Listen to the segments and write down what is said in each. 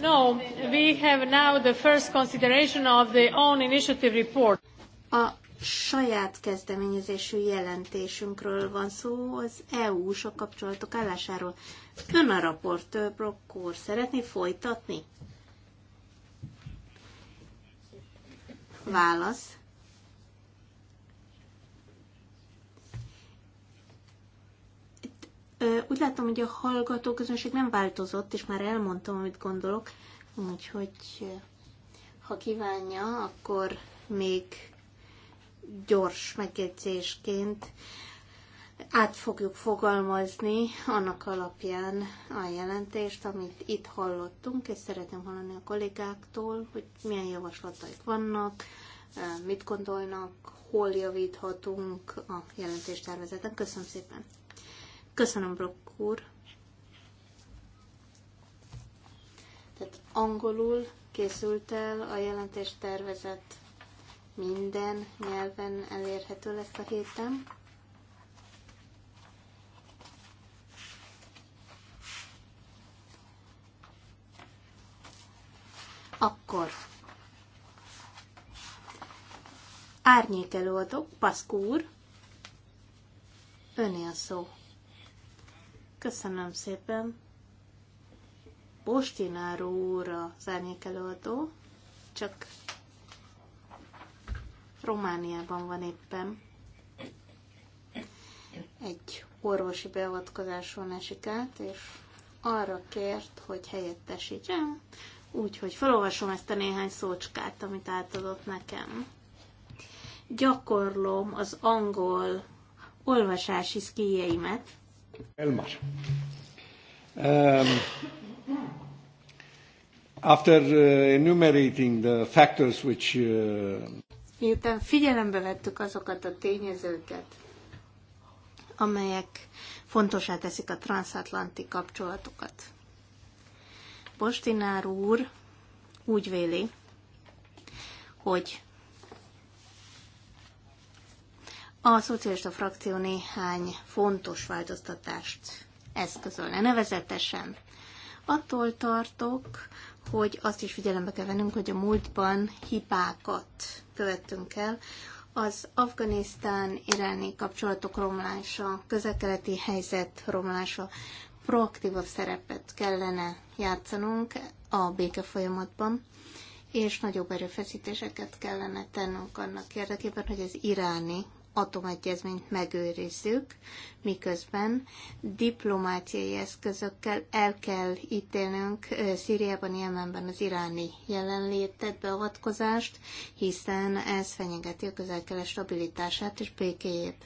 No, we have now the first consideration of the own initiative report. A saját kezdeményezésű jelentésünkről van szó, az EU-s a kapcsolatok állásáról. Ön a raportőr, Brokkor, szeretné folytatni? Válasz. Úgy látom, hogy a hallgatóközönség nem változott, és már elmondtam, amit gondolok, úgyhogy ha kívánja, akkor még gyors megjegyzésként át fogjuk fogalmazni annak alapján a jelentést, amit itt hallottunk, és szeretném hallani a kollégáktól, hogy milyen javaslataik vannak, mit gondolnak, hol javíthatunk a jelentéstervezeten. Köszönöm szépen! Köszönöm, Brock úr. Tehát angolul készült el a jelentés tervezet. Minden nyelven elérhető lesz a héten. Akkor árnyék előadok, Paszkúr, öné a szó. Köszönöm szépen. Postináró úr az előadó, csak Romániában van éppen. Egy orvosi beavatkozáson esik át, és arra kért, hogy helyettesítsem, úgyhogy felolvasom ezt a néhány szócskát, amit átadott nekem. Gyakorlom az angol olvasási szkíjeimet, Elmar. Um, after uh, enumerating the factors which... Uh... Miután figyelembe vettük azokat a tényezőket, amelyek fontosá teszik a transatlanti kapcsolatokat. Postinár úr úgy véli, hogy A szocialista frakció néhány fontos változtatást eszközölne, nevezetesen. Attól tartok, hogy azt is figyelembe kell vennünk, hogy a múltban hibákat követtünk el. Az Afganisztán-iráni kapcsolatok romlása, közelkeleti helyzet romlása, proaktívabb szerepet kellene játszanunk a béke folyamatban, és nagyobb erőfeszítéseket kellene tennünk annak érdekében, hogy az iráni atomegyezményt megőrizzük, miközben diplomáciai eszközökkel el kell ítélnünk Szíriában, Jemenben az iráni jelenlétet, beavatkozást, hiszen ez fenyegeti a közel stabilitását és békéjét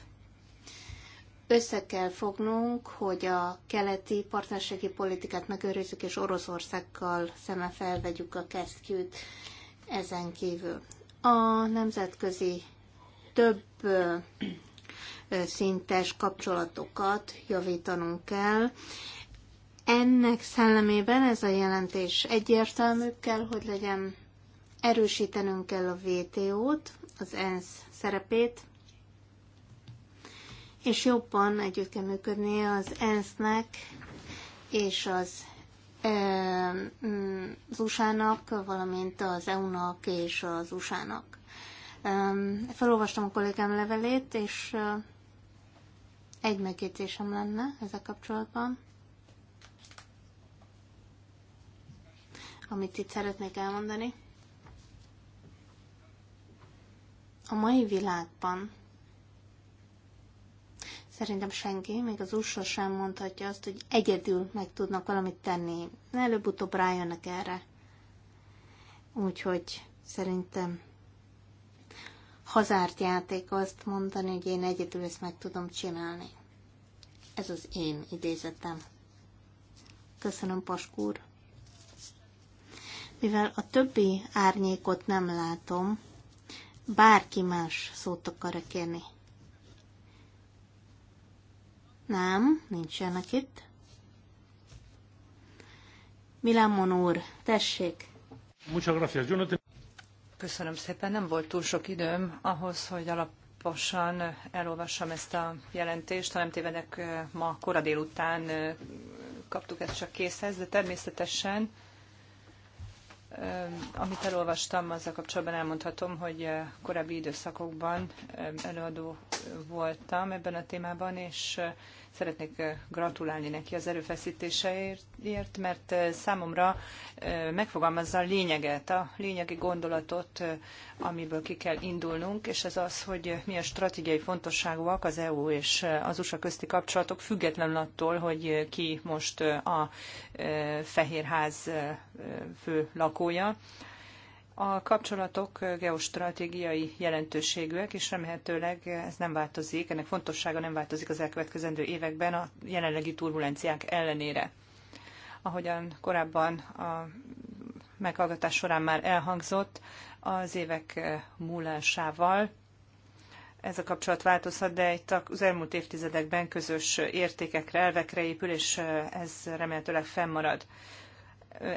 össze kell fognunk, hogy a keleti partnerségi politikát megőrizzük, és Oroszországgal szeme felvegyük a kesztyűt ezen kívül. A nemzetközi több szintes kapcsolatokat javítanunk kell. Ennek szellemében ez a jelentés egyértelmű kell, hogy legyen erősítenünk kell a VTO-t, az ENSZ szerepét, és jobban együtt kell működni az ENSZ-nek és az az USA-nak, valamint az EU-nak és az USA-nak. Felolvastam a kollégám levelét, és egy megjegyzésem lenne ezzel kapcsolatban. Amit itt szeretnék elmondani. A mai világban szerintem senki, még az USA sem mondhatja azt, hogy egyedül meg tudnak valamit tenni. Előbb-utóbb rájönnek erre. Úgyhogy szerintem hazárt játék azt mondani, hogy én egyedül ezt meg tudom csinálni. Ez az én idézetem. Köszönöm, Paskúr. Mivel a többi árnyékot nem látom, bárki más szót akar -e kérni. Nem, nincsenek itt. Milán úr, tessék! Muchas gracias. Yo no Köszönöm szépen. Nem volt túl sok időm ahhoz, hogy alaposan elolvassam ezt a jelentést. Ha nem tévedek, ma kora délután kaptuk ezt csak készhez, de természetesen amit elolvastam, azzal kapcsolatban elmondhatom, hogy korábbi időszakokban előadó voltam ebben a témában, és Szeretnék eh, gratulálni neki az erőfeszítéseért, mert eh, számomra eh, megfogalmazza a lényeget, a lényegi gondolatot, amiből ki kell indulnunk, és ez az, hogy milyen stratégiai fontosságúak az EU és az USA közti kapcsolatok, függetlenül attól, hogy ki most a Fehérház fő lakója. A kapcsolatok geostratégiai jelentőségűek, és remélhetőleg ez nem változik, ennek fontossága nem változik az elkövetkezendő években a jelenlegi turbulenciák ellenére. Ahogyan korábban a meghallgatás során már elhangzott, az évek múlásával ez a kapcsolat változhat, de itt az elmúlt évtizedekben közös értékekre, elvekre épül, és ez remélhetőleg fennmarad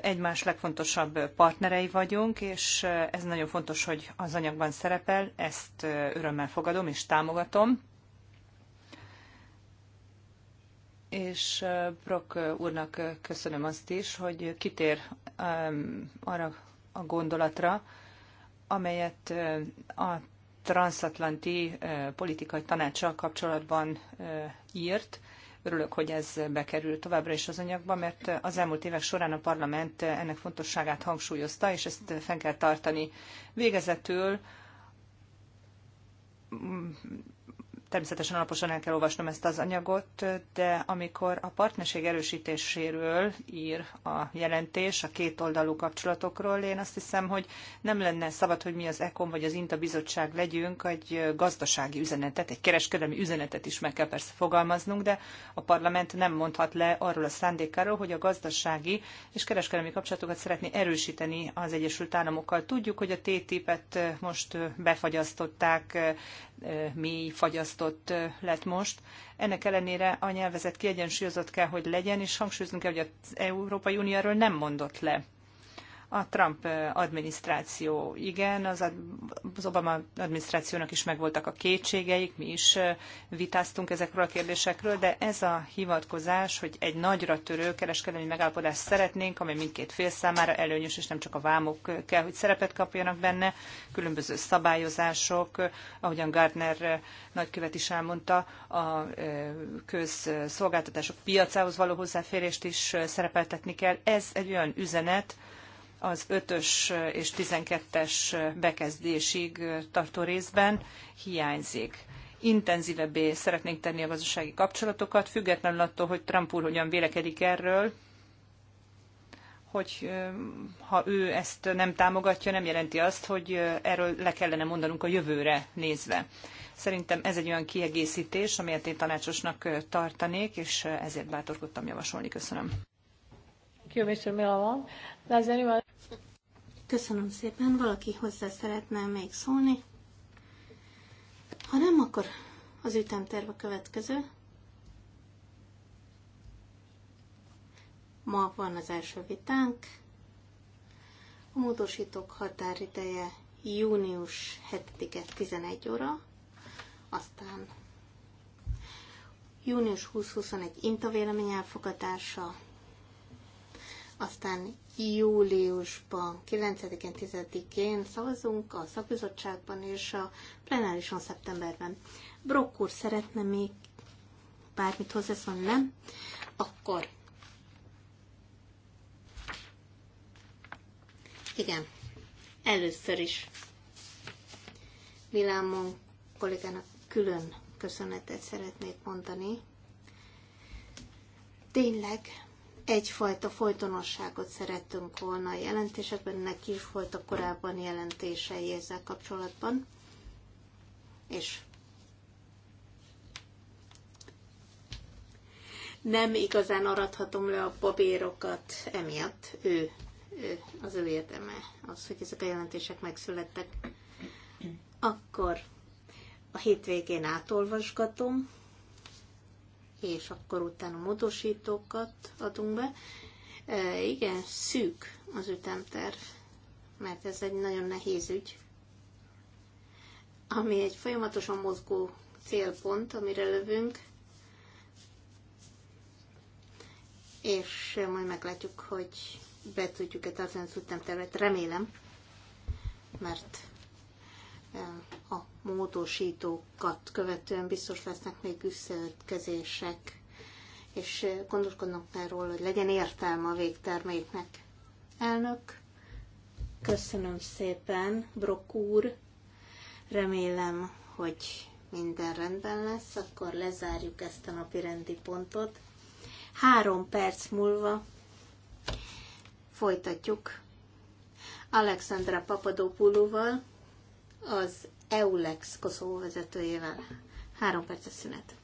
egymás legfontosabb partnerei vagyunk, és ez nagyon fontos, hogy az anyagban szerepel, ezt örömmel fogadom és támogatom. És Brock úrnak köszönöm azt is, hogy kitér arra a gondolatra, amelyet a transatlanti politikai tanácssal kapcsolatban írt, Örülök, hogy ez bekerül továbbra is az anyagba, mert az elmúlt évek során a parlament ennek fontosságát hangsúlyozta, és ezt fenn kell tartani. Végezetül természetesen alaposan el kell olvasnom ezt az anyagot, de amikor a partnerség erősítéséről ír a jelentés, a két oldalú kapcsolatokról, én azt hiszem, hogy nem lenne szabad, hogy mi az ECOM vagy az INTA bizottság legyünk, egy gazdasági üzenetet, egy kereskedelmi üzenetet is meg kell persze fogalmaznunk, de a parlament nem mondhat le arról a szándékáról, hogy a gazdasági és kereskedelmi kapcsolatokat szeretné erősíteni az Egyesült Államokkal. Tudjuk, hogy a TTIP-et most befagyasztották, mély, fagyasztott lett most. Ennek ellenére a nyelvezet kiegyensúlyozott kell, hogy legyen, és hangsúlyoznunk kell, hogy az Európai Unió erről nem mondott le. A Trump adminisztráció, igen, az, az Obama adminisztrációnak is megvoltak a kétségeik, mi is vitáztunk ezekről a kérdésekről, de ez a hivatkozás, hogy egy nagyra törő kereskedelmi megállapodást szeretnénk, amely mindkét fél számára előnyös, és nem csak a vámok kell, hogy szerepet kapjanak benne, különböző szabályozások, ahogyan Gardner nagykövet is elmondta, a közszolgáltatások piacához való hozzáférést is szerepeltetni kell. Ez egy olyan üzenet, az 5-ös és 12-es bekezdésig tartó részben hiányzik. Intenzívebbé szeretnénk tenni a gazdasági kapcsolatokat, függetlenül attól, hogy Trump úr hogyan vélekedik erről, hogy ha ő ezt nem támogatja, nem jelenti azt, hogy erről le kellene mondanunk a jövőre nézve. Szerintem ez egy olyan kiegészítés, amelyet én tanácsosnak tartanék, és ezért bátorkodtam javasolni. Köszönöm. Thank you, Mr. Milamon. Does anyone... Köszönöm szépen. Valaki hozzá szeretne még szólni? Ha nem, akkor az ütemterv a következő. Ma van az első vitánk. A módosítók határideje június 7-e 11 óra, aztán június 20-21 intavélemény elfogadása, aztán júliusban, 9-én, 10-én szavazunk a szakbizottságban és a plenárison szeptemberben. Brokk úr szeretne még bármit hozzászólni, nem? Akkor igen, először is Vilámon kollégának külön köszönetet szeretnék mondani. Tényleg egyfajta folytonosságot szerettünk volna a jelentésekben, neki is voltak korábban jelentései ezzel kapcsolatban, és nem igazán arathatom le a babérokat emiatt, ő, ő az ő érdeme az, hogy ezek a jelentések megszülettek. Akkor a hétvégén átolvasgatom, és akkor utána módosítókat adunk be. E, igen, szűk az ütemterv, mert ez egy nagyon nehéz ügy, ami egy folyamatosan mozgó célpont, amire lövünk, és majd meglátjuk, hogy be tudjuk-e tartani az ütemtervet. Remélem, mert Eh, a módosítókat követően biztos lesznek még visszaütkezések, és eh, gondoskodnak már róla, hogy legyen értelme a végterméknek. Elnök, köszönöm szépen, Brok úr, remélem, hogy minden rendben lesz, akkor lezárjuk ezt a napi rendi pontot. Három perc múlva folytatjuk Alexandra papadopoulou az EULEX Koszovó vezetőjével. Három perces szünet.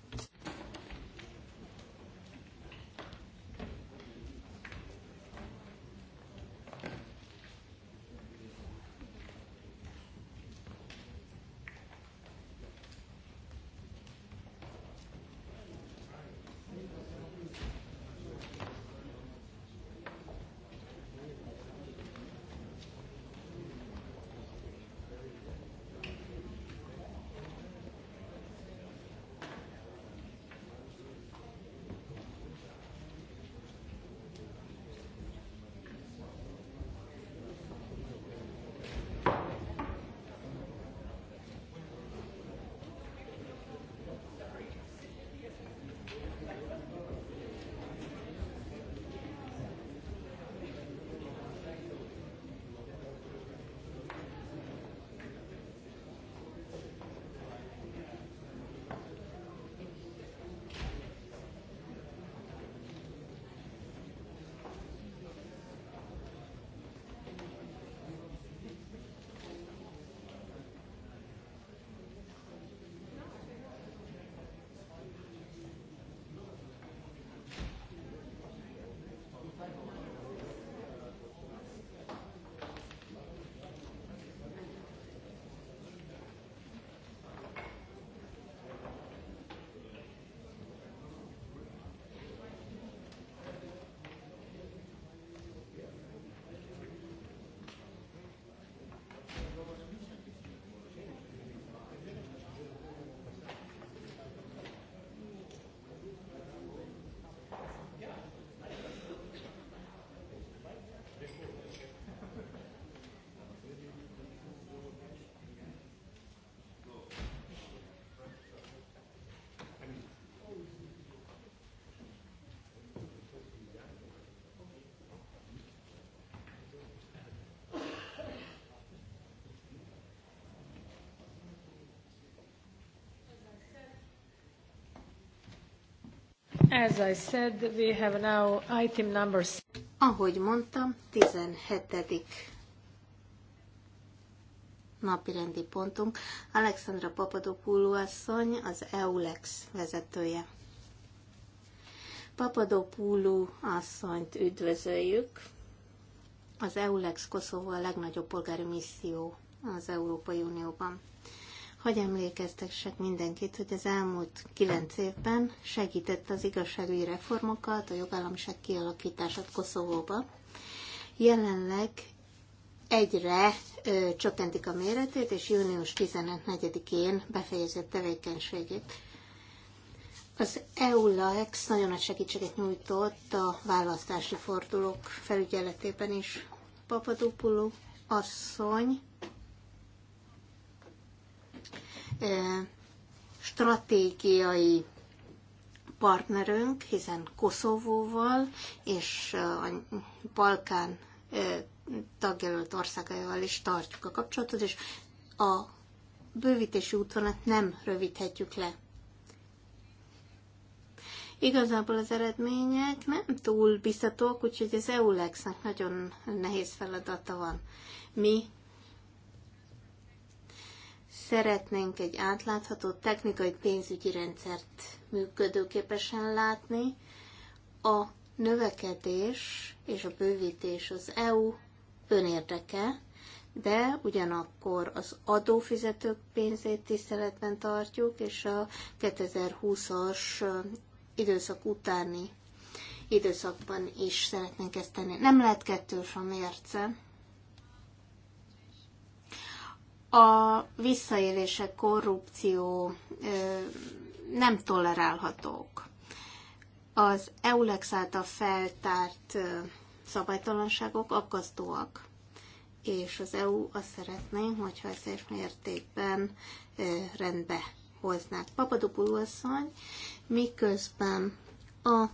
As I said, we have now item Ahogy mondtam, 17. napirendi pontunk. Alexandra Papadopoulou asszony, az EULEX vezetője. Papadopoulou asszonyt üdvözöljük. Az EULEX Koszovó a legnagyobb polgári misszió az Európai Unióban. Hogy emlékeztessek mindenkit, hogy az elmúlt kilenc évben segített az igazságügyi reformokat, a jogállamiság kialakítását Koszovóba. Jelenleg egyre ö, csökkentik a méretét, és június 14-én befejezett tevékenységét. Az EULAX nagyon nagy segítséget nyújtott a választási fordulók felügyeletében is. Papadopoulou asszony stratégiai partnerünk, hiszen Koszovóval és a Balkán tagjelölt országaival is tartjuk a kapcsolatot, és a bővítési útvonat nem rövidhetjük le. Igazából az eredmények nem túl biztatók, úgyhogy az EULEX-nek nagyon nehéz feladata van. Mi szeretnénk egy átlátható technikai pénzügyi rendszert működőképesen látni. A növekedés és a bővítés az EU önérdeke, de ugyanakkor az adófizetők pénzét tiszteletben tartjuk, és a 2020-as időszak utáni időszakban is szeretnénk ezt tenni. Nem lehet kettős a mérce a visszaélések, korrupció nem tolerálhatók. Az EULEX által feltárt szabálytalanságok akasztóak, és az EU azt szeretné, hogyha ezt mértékben rendbe hoznák. Papadopoulou asszony, miközben a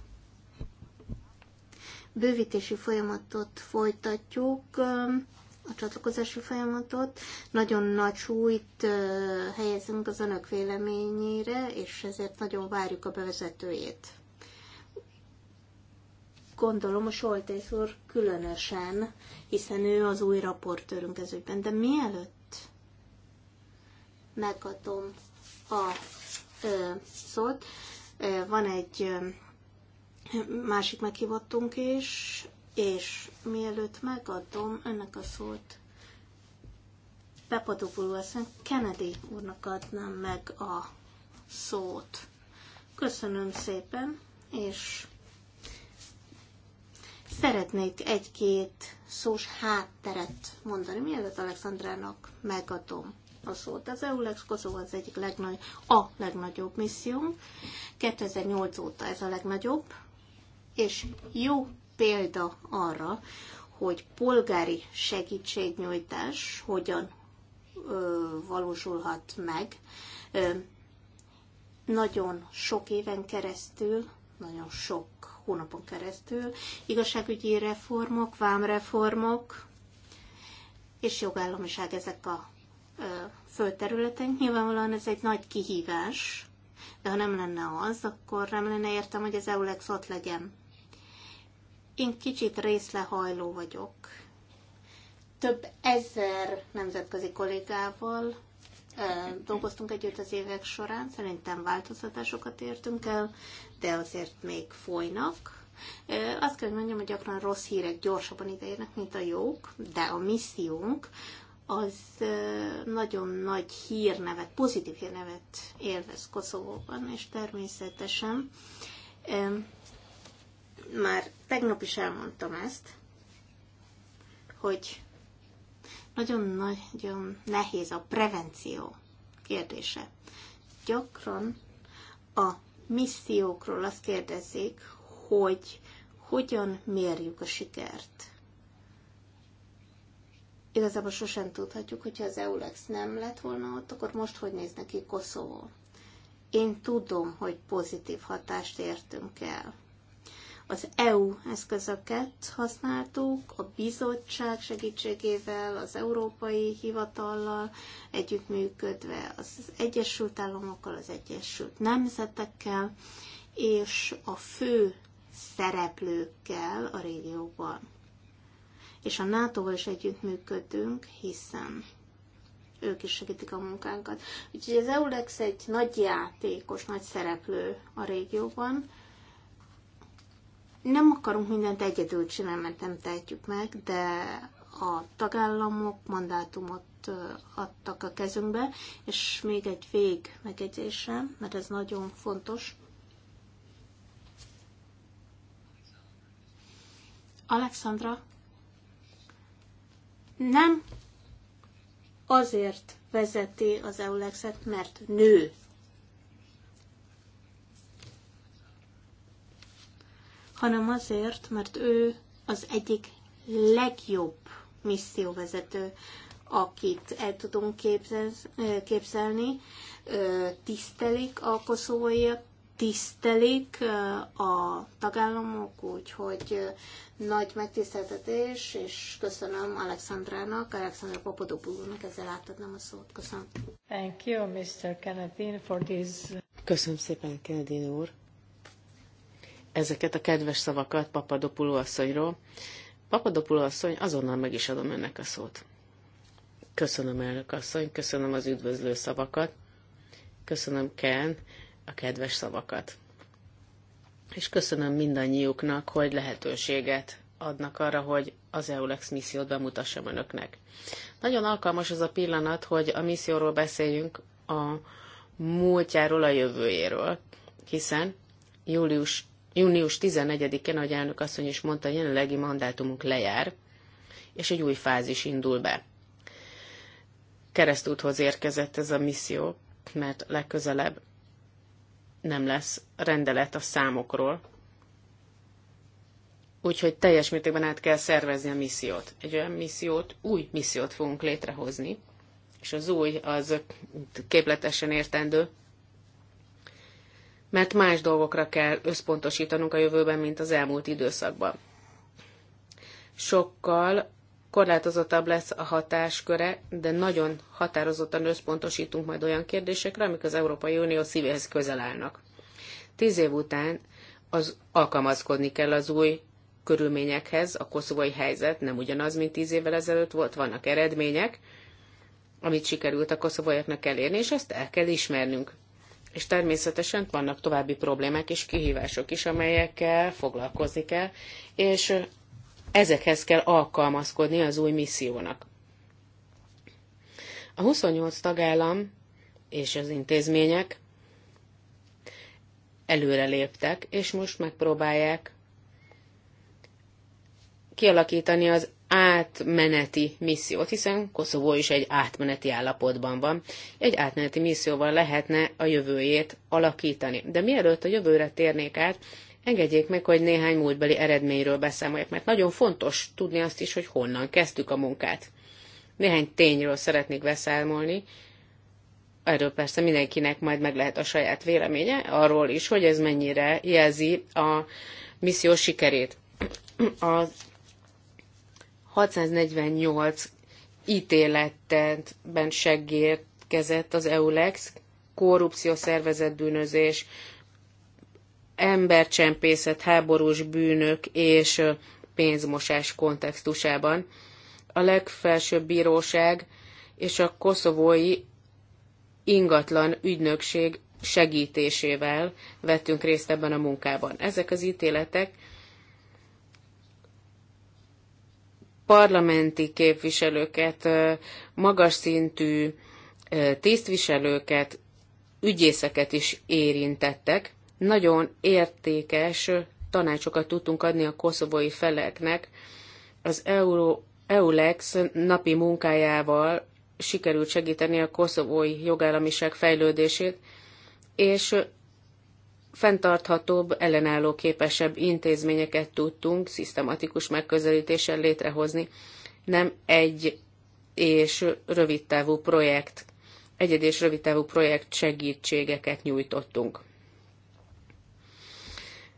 bővítési folyamatot folytatjuk, a csatlakozási folyamatot. Nagyon nagy súlyt helyezünk az önök véleményére, és ezért nagyon várjuk a bevezetőjét. Gondolom a Soltész úr különösen, hiszen ő az új raportőrünk ez ügyben. De mielőtt megadom a ö, szót, van egy másik meghívottunk is, és mielőtt megadom önnek a szót, Pepadopulú eszem, Kennedy úrnak adnám meg a szót. Köszönöm szépen, és szeretnék egy-két szós hátteret mondani, mielőtt Alexandrának megadom a szót. Az EULEX Koszovó az egyik legnagy, a legnagyobb misszió. 2008 óta ez a legnagyobb, és jó példa arra, hogy polgári segítségnyújtás hogyan ö, valósulhat meg. Ö, nagyon sok éven keresztül, nagyon sok hónapon keresztül igazságügyi reformok, vámreformok és jogállamiság ezek a ö, földterületen. Nyilvánvalóan ez egy nagy kihívás, de ha nem lenne az, akkor nem lenne értem, hogy az EULEX ott legyen. Én kicsit részlehajló vagyok. Több ezer nemzetközi kollégával dolgoztunk együtt az évek során, szerintem változtatásokat értünk el, de azért még folynak. Azt kell, hogy mondjam, hogy gyakran rossz hírek gyorsabban ideérnek, mint a jók, de a missziónk az nagyon nagy hírnevet, pozitív hírnevet élvez Koszovóban, és természetesen már tegnap is elmondtam ezt, hogy nagyon-nagyon nehéz a prevenció kérdése. Gyakran a missziókról azt kérdezik, hogy hogyan mérjük a sikert. Igazából sosem tudhatjuk, hogyha az EULEX nem lett volna ott, akkor most hogy néz neki Koszovó? Én tudom, hogy pozitív hatást értünk el az EU eszközöket használtuk, a bizottság segítségével, az Európai Hivatallal együttműködve, az Egyesült Államokkal, az Egyesült Nemzetekkel, és a fő szereplőkkel a régióban. És a NATO-val is együttműködünk, hiszen ők is segítik a munkánkat. Úgyhogy az EULEX egy nagy játékos, nagy szereplő a régióban, nem akarunk mindent egyedül csinálni, mert nem tehetjük meg, de a tagállamok mandátumot adtak a kezünkbe, és még egy vég megjegyzésem, mert ez nagyon fontos. Alexandra, nem azért vezeti az EULEX-et, mert nő. hanem azért, mert ő az egyik legjobb misszióvezető, akit el tudunk képzelni. Tisztelik a koszovóiak, tisztelik a tagállamok, úgyhogy nagy megtiszteltetés, és köszönöm Alexandrának, Alexandra Papadopoulosnak ezzel átadnám a szót. Köszönöm. Thank you, Mr. Kennedy, for this. Köszönöm szépen, Kennedy úr, ezeket a kedves szavakat Papadopuló asszonyról. Papadopuló asszony, azonnal meg is adom önnek a szót. Köszönöm, elnök asszony, köszönöm az üdvözlő szavakat, köszönöm Ken a kedves szavakat. És köszönöm mindannyiuknak, hogy lehetőséget adnak arra, hogy az EULEX missziót bemutassam önöknek. Nagyon alkalmas az a pillanat, hogy a misszióról beszéljünk, a múltjáról, a jövőjéről, hiszen július Június 14-én, ahogy elnök asszony is mondta, a jelenlegi mandátumunk lejár, és egy új fázis indul be. Keresztúthoz érkezett ez a misszió, mert legközelebb nem lesz rendelet a számokról, úgyhogy teljes mértékben át kell szervezni a missziót. Egy olyan missziót, új missziót fogunk létrehozni, és az új az képletesen értendő, mert más dolgokra kell összpontosítanunk a jövőben, mint az elmúlt időszakban. Sokkal korlátozottabb lesz a hatásköre, de nagyon határozottan összpontosítunk majd olyan kérdésekre, amik az Európai Unió szívéhez közel állnak. Tíz év után az alkalmazkodni kell az új körülményekhez, a koszovai helyzet nem ugyanaz, mint tíz évvel ezelőtt volt, vannak eredmények, amit sikerült a koszovaiaknak elérni, és ezt el kell ismernünk. És természetesen vannak további problémák és kihívások is, amelyekkel foglalkozni kell, és ezekhez kell alkalmazkodni az új missziónak. A 28 tagállam és az intézmények előreléptek, és most megpróbálják kialakítani az átmeneti missziót, hiszen Koszovó is egy átmeneti állapotban van. Egy átmeneti misszióval lehetne a jövőjét alakítani. De mielőtt a jövőre térnék át, engedjék meg, hogy néhány múltbeli eredményről beszámoljak, mert nagyon fontos tudni azt is, hogy honnan kezdtük a munkát. Néhány tényről szeretnék beszámolni, erről persze mindenkinek majd meg lehet a saját véleménye, arról is, hogy ez mennyire jelzi a misszió sikerét. A 648 ítéletben segítkezett az EULEX, korrupció, szervezetbűnözés, embercsempészet, háborús bűnök és pénzmosás kontextusában. A legfelsőbb bíróság és a koszovói ingatlan ügynökség segítésével vettünk részt ebben a munkában. Ezek az ítéletek parlamenti képviselőket, magas szintű tisztviselőket, ügyészeket is érintettek. Nagyon értékes tanácsokat tudtunk adni a koszovói feleknek. Az EULEX napi munkájával sikerült segíteni a koszovói jogállamiság fejlődését, és fenntarthatóbb, ellenálló képesebb intézményeket tudtunk szisztematikus megközelítéssel létrehozni, nem egy és rövidtávú projekt, egyed és rövidtávú projekt segítségeket nyújtottunk.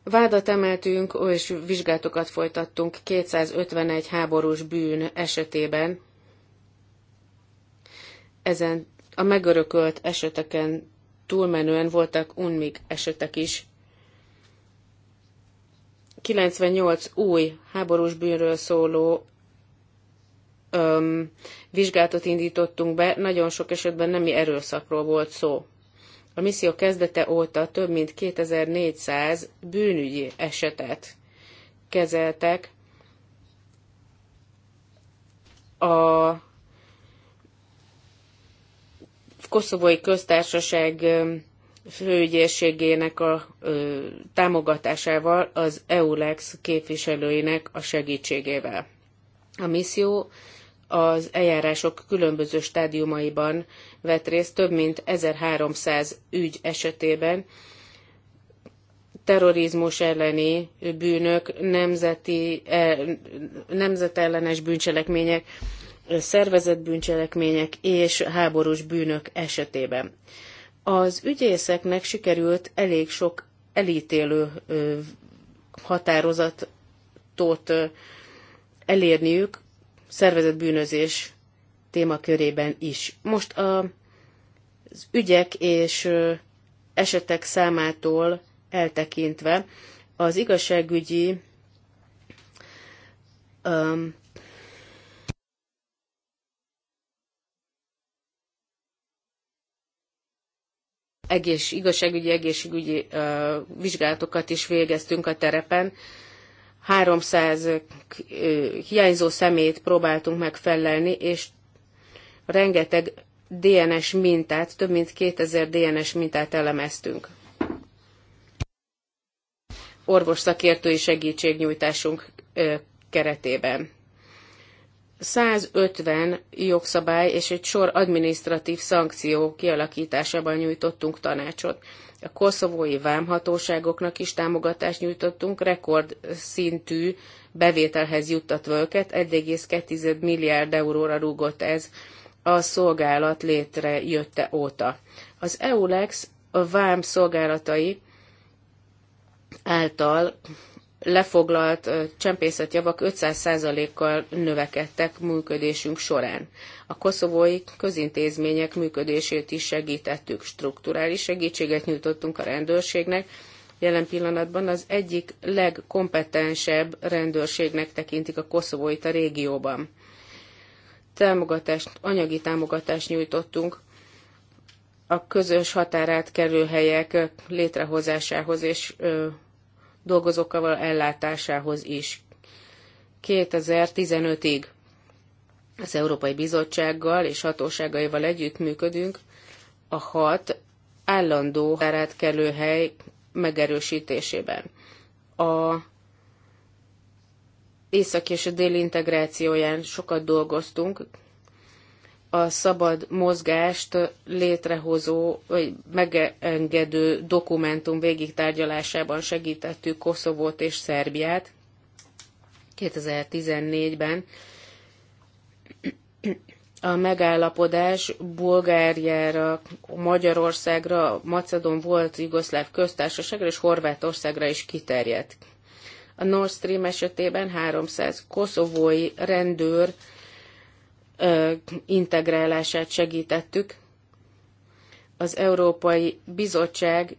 Vádat emeltünk és vizsgátokat folytattunk 251 háborús bűn esetében. Ezen a megörökölt eseteken túlmenően voltak unmig esetek is. 98 új háborús bűnről szóló öm, vizsgálatot indítottunk be, nagyon sok esetben nemi erőszakról volt szó. A misszió kezdete óta több mint 2400 bűnügyi esetet kezeltek a koszovói köztársaság főügyészségének a ö, támogatásával, az EULEX képviselőinek a segítségével. A misszió az eljárások különböző stádiumaiban vett részt több mint 1300 ügy esetében, terrorizmus elleni bűnök, nemzeti, eh, nemzetellenes bűncselekmények, szervezett bűncselekmények és háborús bűnök esetében. Az ügyészeknek sikerült elég sok elítélő határozatot elérniük szervezett bűnözés témakörében is. Most a, az ügyek és esetek számától eltekintve az igazságügyi um, egész, igazságügyi, egészségügyi ö, vizsgálatokat is végeztünk a terepen. 300 ö, hiányzó szemét próbáltunk megfelelni, és rengeteg DNS mintát, több mint 2000 DNS mintát elemeztünk. Orvos szakértői segítségnyújtásunk ö, keretében. 150 jogszabály és egy sor administratív szankció kialakításában nyújtottunk tanácsot. A koszovói vámhatóságoknak is támogatást nyújtottunk, rekord szintű bevételhez juttatva őket, 1,2 milliárd euróra rúgott ez a szolgálat létrejötte óta. Az EULEX a vám szolgálatai által lefoglalt javak 500%-kal növekedtek működésünk során. A koszovói közintézmények működését is segítettük, strukturális segítséget nyújtottunk a rendőrségnek, Jelen pillanatban az egyik legkompetensebb rendőrségnek tekintik a koszovóit a régióban. Támogatást, anyagi támogatást nyújtottunk a közös határát helyek létrehozásához és dolgozókkal való ellátásához is. 2015-ig az Európai Bizottsággal és hatóságaival együttműködünk a hat állandó hely megerősítésében. A észak és a déli integrációján sokat dolgoztunk, a szabad mozgást létrehozó, vagy megengedő dokumentum végigtárgyalásában segítettük Koszovót és Szerbiát 2014-ben. A megállapodás Bulgáriára, Magyarországra, Macedon volt Jugoszláv köztársaságra és Horvátországra is kiterjedt. A Nord Stream esetében 300 koszovói rendőr integrálását segítettük. Az Európai Bizottság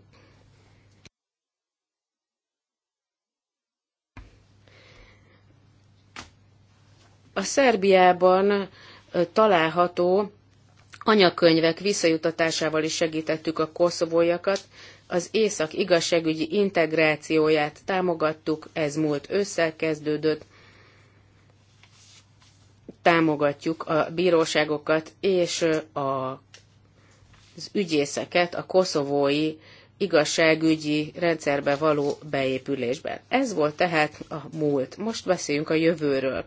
a Szerbiában található anyakönyvek visszajutatásával is segítettük a koszovójakat, az Észak igazságügyi integrációját támogattuk, ez múlt kezdődött, támogatjuk a bíróságokat és a, az ügyészeket a koszovói igazságügyi rendszerbe való beépülésben. Ez volt tehát a múlt. Most beszéljünk a jövőről.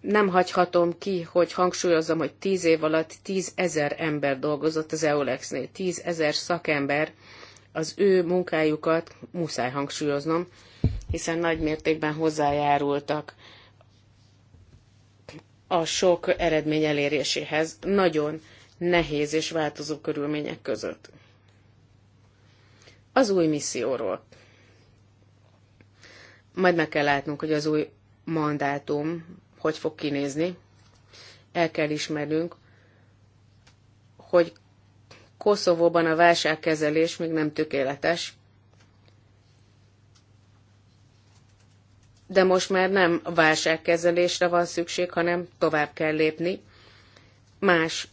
Nem hagyhatom ki, hogy hangsúlyozzam, hogy tíz év alatt tízezer ember dolgozott az EOLEX-nél, tízezer szakember, az ő munkájukat muszáj hangsúlyoznom, hiszen nagy mértékben hozzájárultak a sok eredmény eléréséhez nagyon nehéz és változó körülmények között. Az új misszióról. Majd meg kell látnunk, hogy az új mandátum hogy fog kinézni. El kell ismernünk, hogy Koszovóban a válságkezelés még nem tökéletes, de most már nem válságkezelésre van szükség, hanem tovább kell lépni más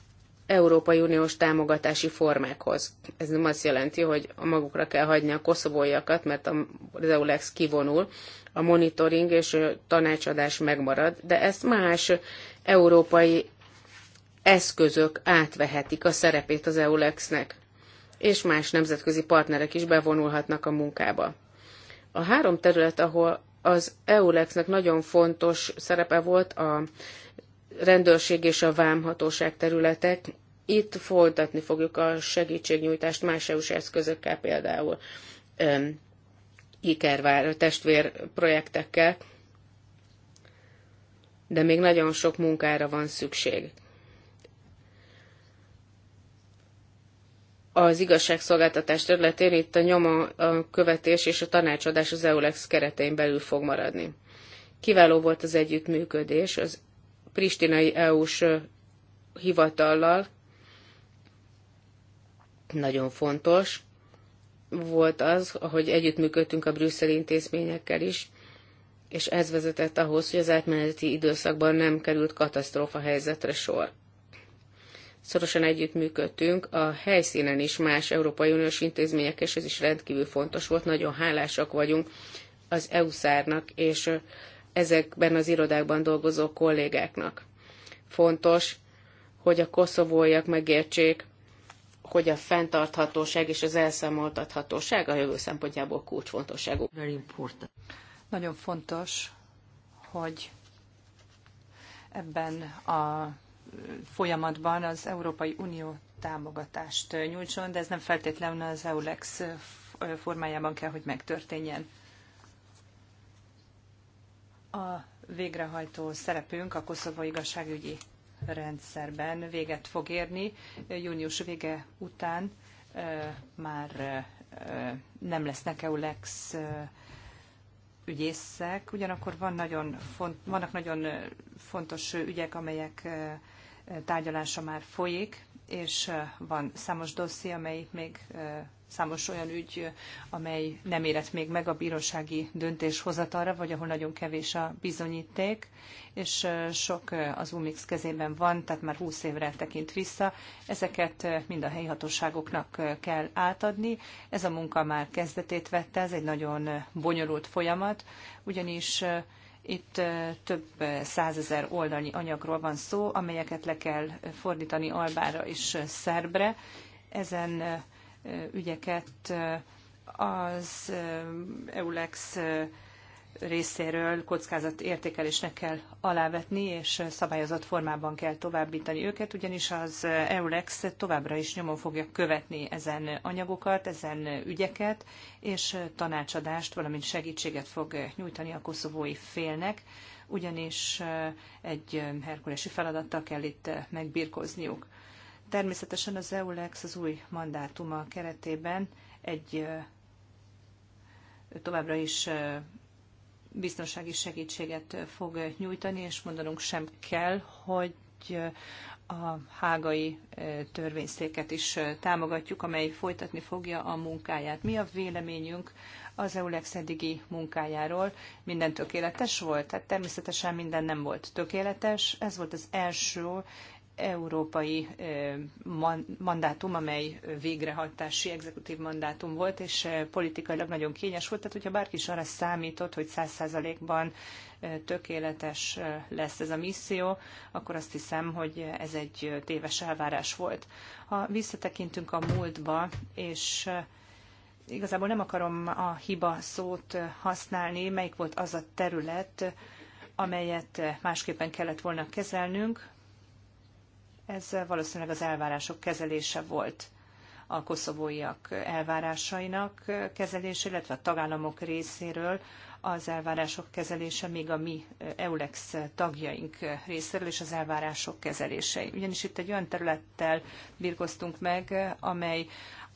Európai Uniós támogatási formákhoz. Ez nem azt jelenti, hogy magukra kell hagyni a koszovóiakat, mert az EULEX kivonul, a monitoring és a tanácsadás megmarad, de ezt más európai eszközök átvehetik a szerepét az EULEX-nek, és más nemzetközi partnerek is bevonulhatnak a munkába. A három terület, ahol az EULEX-nek nagyon fontos szerepe volt a rendőrség és a vámhatóság területek. Itt folytatni fogjuk a segítségnyújtást más EU-s eszközökkel, például um, Ikervár testvér projektekkel, de még nagyon sok munkára van szükség. az igazságszolgáltatás területén itt a nyoma a követés és a tanácsadás az EULEX keretein belül fog maradni. Kiváló volt az együttműködés az pristinai EU-s hivatallal, nagyon fontos volt az, hogy együttműködtünk a brüsszeli intézményekkel is, és ez vezetett ahhoz, hogy az átmeneti időszakban nem került katasztrófa helyzetre sor. Szorosan együttműködtünk a helyszínen is más Európai Uniós intézmények, és ez is rendkívül fontos volt. Nagyon hálásak vagyunk az EU-szárnak és ezekben az irodákban dolgozó kollégáknak. Fontos, hogy a koszovóiak megértsék, hogy a fenntarthatóság és az elszámoltathatóság a jövő szempontjából kulcsfontosságú. Nagyon fontos, hogy ebben a folyamatban az Európai Unió támogatást nyújtson, de ez nem feltétlenül az EULEX formájában kell, hogy megtörténjen. A végrehajtó szerepünk a Koszovó igazságügyi rendszerben véget fog érni. Június vége után már nem lesznek EULEX ügyészek, ugyanakkor van nagyon font, vannak nagyon fontos ügyek, amelyek tárgyalása már folyik, és van számos dosszi, amely még számos olyan ügy, amely nem érett még meg a bírósági döntéshozatalra, vagy ahol nagyon kevés a bizonyíték, és sok az UMIX kezében van, tehát már 20 évre tekint vissza. Ezeket mind a helyi hatóságoknak kell átadni. Ez a munka már kezdetét vette, ez egy nagyon bonyolult folyamat, ugyanis itt több százezer oldalnyi anyagról van szó, amelyeket le kell fordítani albára és szerbre. Ezen ügyeket az EULEX részéről kockázatértékelésnek kell alávetni, és szabályozott formában kell továbbítani őket, ugyanis az EULEX továbbra is nyomon fogja követni ezen anyagokat, ezen ügyeket, és tanácsadást, valamint segítséget fog nyújtani a koszovói félnek, ugyanis egy herkulesi feladattal kell itt megbirkózniuk. Természetesen az EULEX az új mandátuma keretében egy továbbra is biztonsági segítséget fog nyújtani, és mondanunk sem kell, hogy a hágai törvényszéket is támogatjuk, amely folytatni fogja a munkáját. Mi a véleményünk az EULEX eddigi munkájáról? Minden tökéletes volt? Hát természetesen minden nem volt tökéletes. Ez volt az első európai mandátum, amely végrehajtási exekutív mandátum volt, és politikailag nagyon kényes volt, tehát hogyha bárki is arra számított, hogy száz százalékban tökéletes lesz ez a misszió, akkor azt hiszem, hogy ez egy téves elvárás volt. Ha visszatekintünk a múltba, és igazából nem akarom a hiba szót használni, melyik volt az a terület, amelyet másképpen kellett volna kezelnünk, ez valószínűleg az elvárások kezelése volt a koszovóiak elvárásainak kezelése, illetve a tagállamok részéről az elvárások kezelése, még a mi eh, EULEX tagjaink részéről és az elvárások kezelése. Ugyanis itt egy olyan területtel birkoztunk meg, amely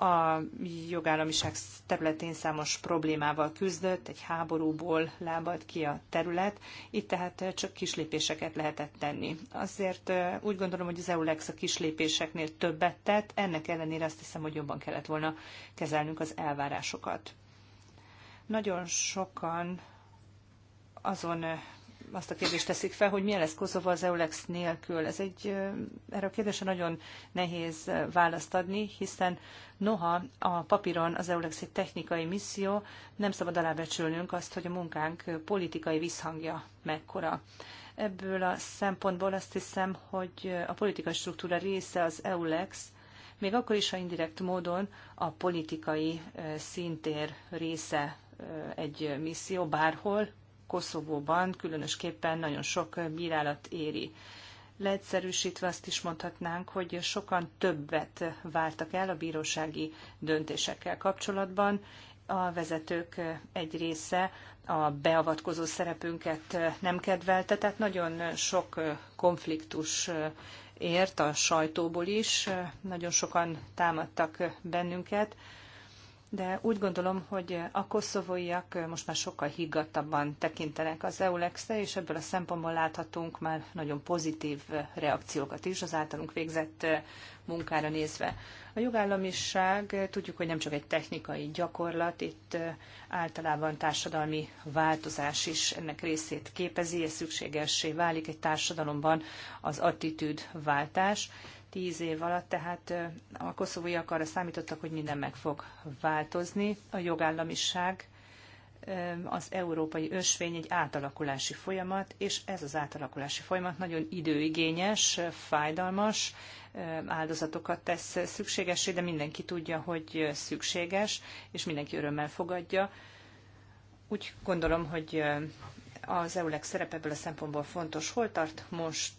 a jogállamiság területén számos problémával küzdött, egy háborúból lábadt ki a terület, itt tehát csak kislépéseket lehetett tenni. Azért úgy gondolom, hogy az EULEX a kislépéseknél többet tett, ennek ellenére azt hiszem, hogy jobban kellett volna kezelnünk az elvárásokat. Nagyon sokan azon azt a kérdést teszik fel, hogy milyen lesz Koszova az EULEX nélkül. Ez egy, erre a kérdésre nagyon nehéz választ adni, hiszen noha a papíron az EULEX egy technikai misszió, nem szabad alábecsülnünk azt, hogy a munkánk politikai visszhangja mekkora. Ebből a szempontból azt hiszem, hogy a politikai struktúra része az EULEX, még akkor is, ha indirekt módon a politikai szintér része egy misszió bárhol, Koszovóban különösképpen nagyon sok bírálat éri. Leegyszerűsítve azt is mondhatnánk, hogy sokan többet vártak el a bírósági döntésekkel kapcsolatban. A vezetők egy része a beavatkozó szerepünket nem kedvelte, tehát nagyon sok konfliktus ért a sajtóból is, nagyon sokan támadtak bennünket de úgy gondolom, hogy a koszovóiak most már sokkal higgadtabban tekintenek az EULEX-re, és ebből a szempontból láthatunk már nagyon pozitív reakciókat is az általunk végzett munkára nézve. A jogállamiság tudjuk, hogy nem csak egy technikai gyakorlat, itt általában társadalmi változás is ennek részét képezi, és szükségessé válik egy társadalomban az attitűdváltás, tíz év alatt, tehát a koszovóiak arra számítottak, hogy minden meg fog változni. A jogállamiság az európai ösvény egy átalakulási folyamat, és ez az átalakulási folyamat nagyon időigényes, fájdalmas, áldozatokat tesz szükségesé, de mindenki tudja, hogy szükséges, és mindenki örömmel fogadja. Úgy gondolom, hogy az EULEX szerep ebből a szempontból fontos. Hol tart most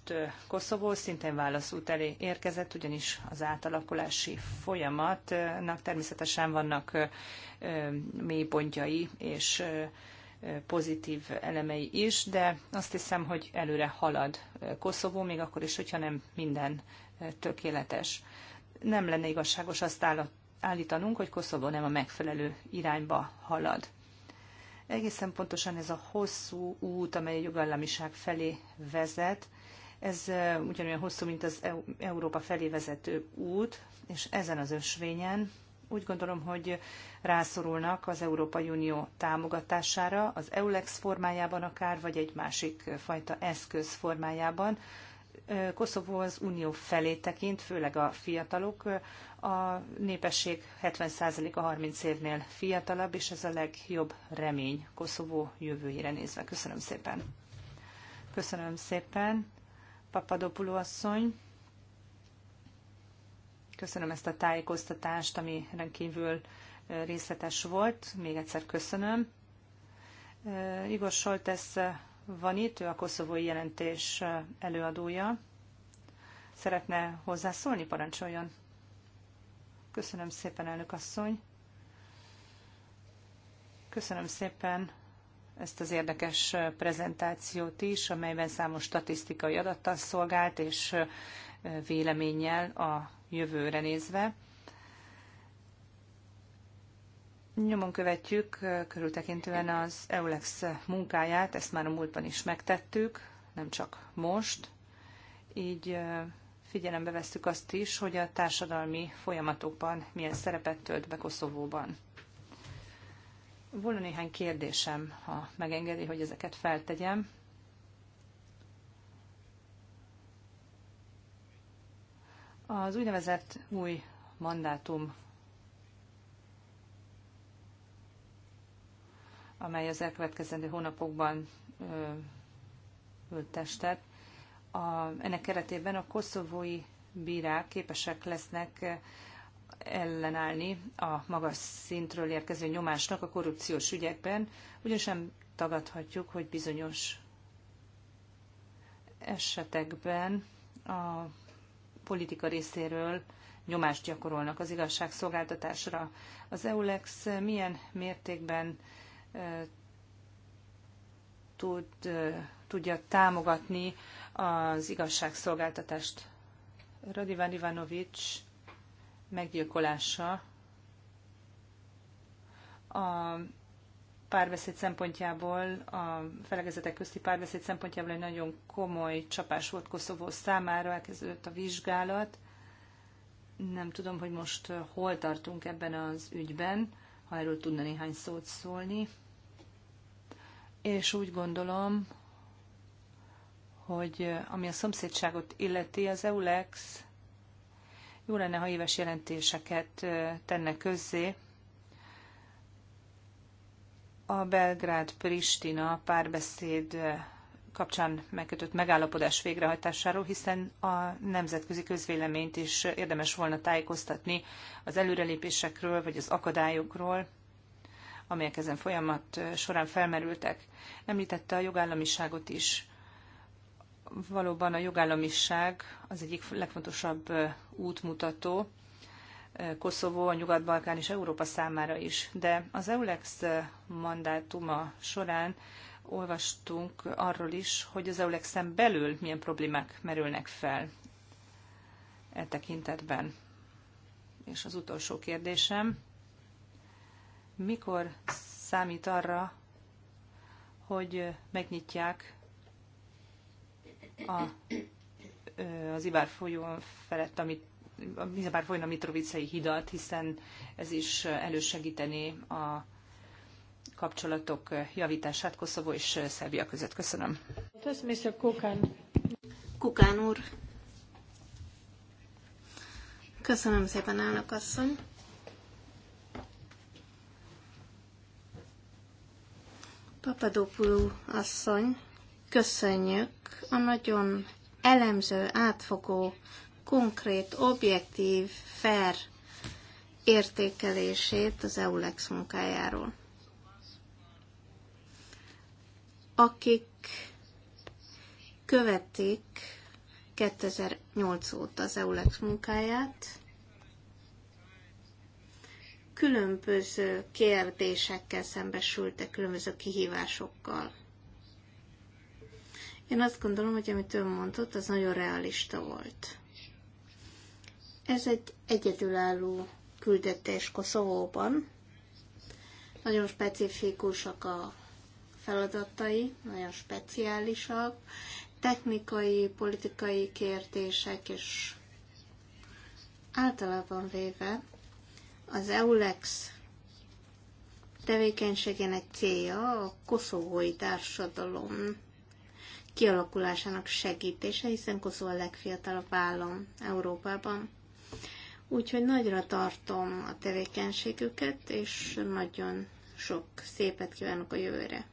Koszovó? Szintén válaszút elé érkezett, ugyanis az átalakulási folyamatnak természetesen vannak mélypontjai és pozitív elemei is, de azt hiszem, hogy előre halad Koszovó, még akkor is, hogyha nem minden tökéletes. Nem lenne igazságos azt állítanunk, hogy Koszovó nem a megfelelő irányba halad. Egészen pontosan ez a hosszú út, amely a jogállamiság felé vezet, ez ugyanolyan hosszú, mint az Európa felé vezető út, és ezen az ösvényen úgy gondolom, hogy rászorulnak az Európai Unió támogatására, az EULEX formájában akár, vagy egy másik fajta eszköz formájában, Koszovó az unió felé tekint, főleg a fiatalok. A népesség 70%-a 30 évnél fiatalabb, és ez a legjobb remény Koszovó jövőjére nézve. Köszönöm szépen. Köszönöm szépen, Papadopulo asszony. Köszönöm ezt a tájékoztatást, ami rendkívül részletes volt. Még egyszer köszönöm. Igor Soltesz van itt, ő a koszovói jelentés előadója. Szeretne hozzászólni? Parancsoljon! Köszönöm szépen, elnök asszony! Köszönöm szépen ezt az érdekes prezentációt is, amelyben számos statisztikai adattal szolgált, és véleménnyel a jövőre nézve. Nyomon követjük körültekintően az EULEX munkáját, ezt már a múltban is megtettük, nem csak most. Így figyelembe vesztük azt is, hogy a társadalmi folyamatokban milyen szerepet tölt be Koszovóban. Volna néhány kérdésem, ha megengedi, hogy ezeket feltegyem. Az úgynevezett új mandátum amely az elkövetkezendő hónapokban ültestet. A, ennek keretében a koszovói bírák képesek lesznek ellenállni a magas szintről érkező nyomásnak a korrupciós ügyekben, ugyanis nem tagadhatjuk, hogy bizonyos esetekben a politika részéről nyomást gyakorolnak az igazságszolgáltatásra. Az EULEX milyen mértékben tud, tudja támogatni az igazságszolgáltatást. Radivan Ivanovics meggyilkolása a párbeszéd szempontjából, a felegezetek közti párbeszéd szempontjából egy nagyon komoly csapás volt Koszovó számára, elkezdődött a vizsgálat. Nem tudom, hogy most hol tartunk ebben az ügyben, ha erről tudna néhány szót szólni és úgy gondolom, hogy ami a szomszédságot illeti, az EULEX jó lenne, ha éves jelentéseket tenne közzé a Belgrád-Pristina párbeszéd kapcsán megkötött megállapodás végrehajtásáról, hiszen a nemzetközi közvéleményt is érdemes volna tájékoztatni az előrelépésekről, vagy az akadályokról, amelyek ezen folyamat során felmerültek. Említette a jogállamiságot is. Valóban a jogállamiság az egyik legfontosabb útmutató Koszovó, a Nyugat-Balkán és Európa számára is. De az EULEX mandátuma során olvastunk arról is, hogy az EULEX-en belül milyen problémák merülnek fel e tekintetben. És az utolsó kérdésem, mikor számít arra, hogy megnyitják a, az Ibár folyón felett, amit a Mizabár folyna Mitrovicei hidat, hiszen ez is elősegítené a kapcsolatok javítását Koszovó és Szerbia között. Köszönöm. Kukán úr. Köszönöm szépen, elnök asszony. Papadopoulou asszony, köszönjük a nagyon elemző, átfogó, konkrét, objektív, fair értékelését az EULEX munkájáról. Akik követik 2008 óta az EULEX munkáját, különböző kérdésekkel szembesültek, különböző kihívásokkal. Én azt gondolom, hogy amit ön mondott, az nagyon realista volt. Ez egy egyedülálló küldetés Koszovóban. Nagyon specifikusak a feladatai, nagyon speciálisak, technikai, politikai kérdések, és általában véve az EULEX tevékenységének célja a koszovói társadalom kialakulásának segítése, hiszen Koszovó a legfiatalabb állam Európában. Úgyhogy nagyra tartom a tevékenységüket, és nagyon sok szépet kívánok a jövőre.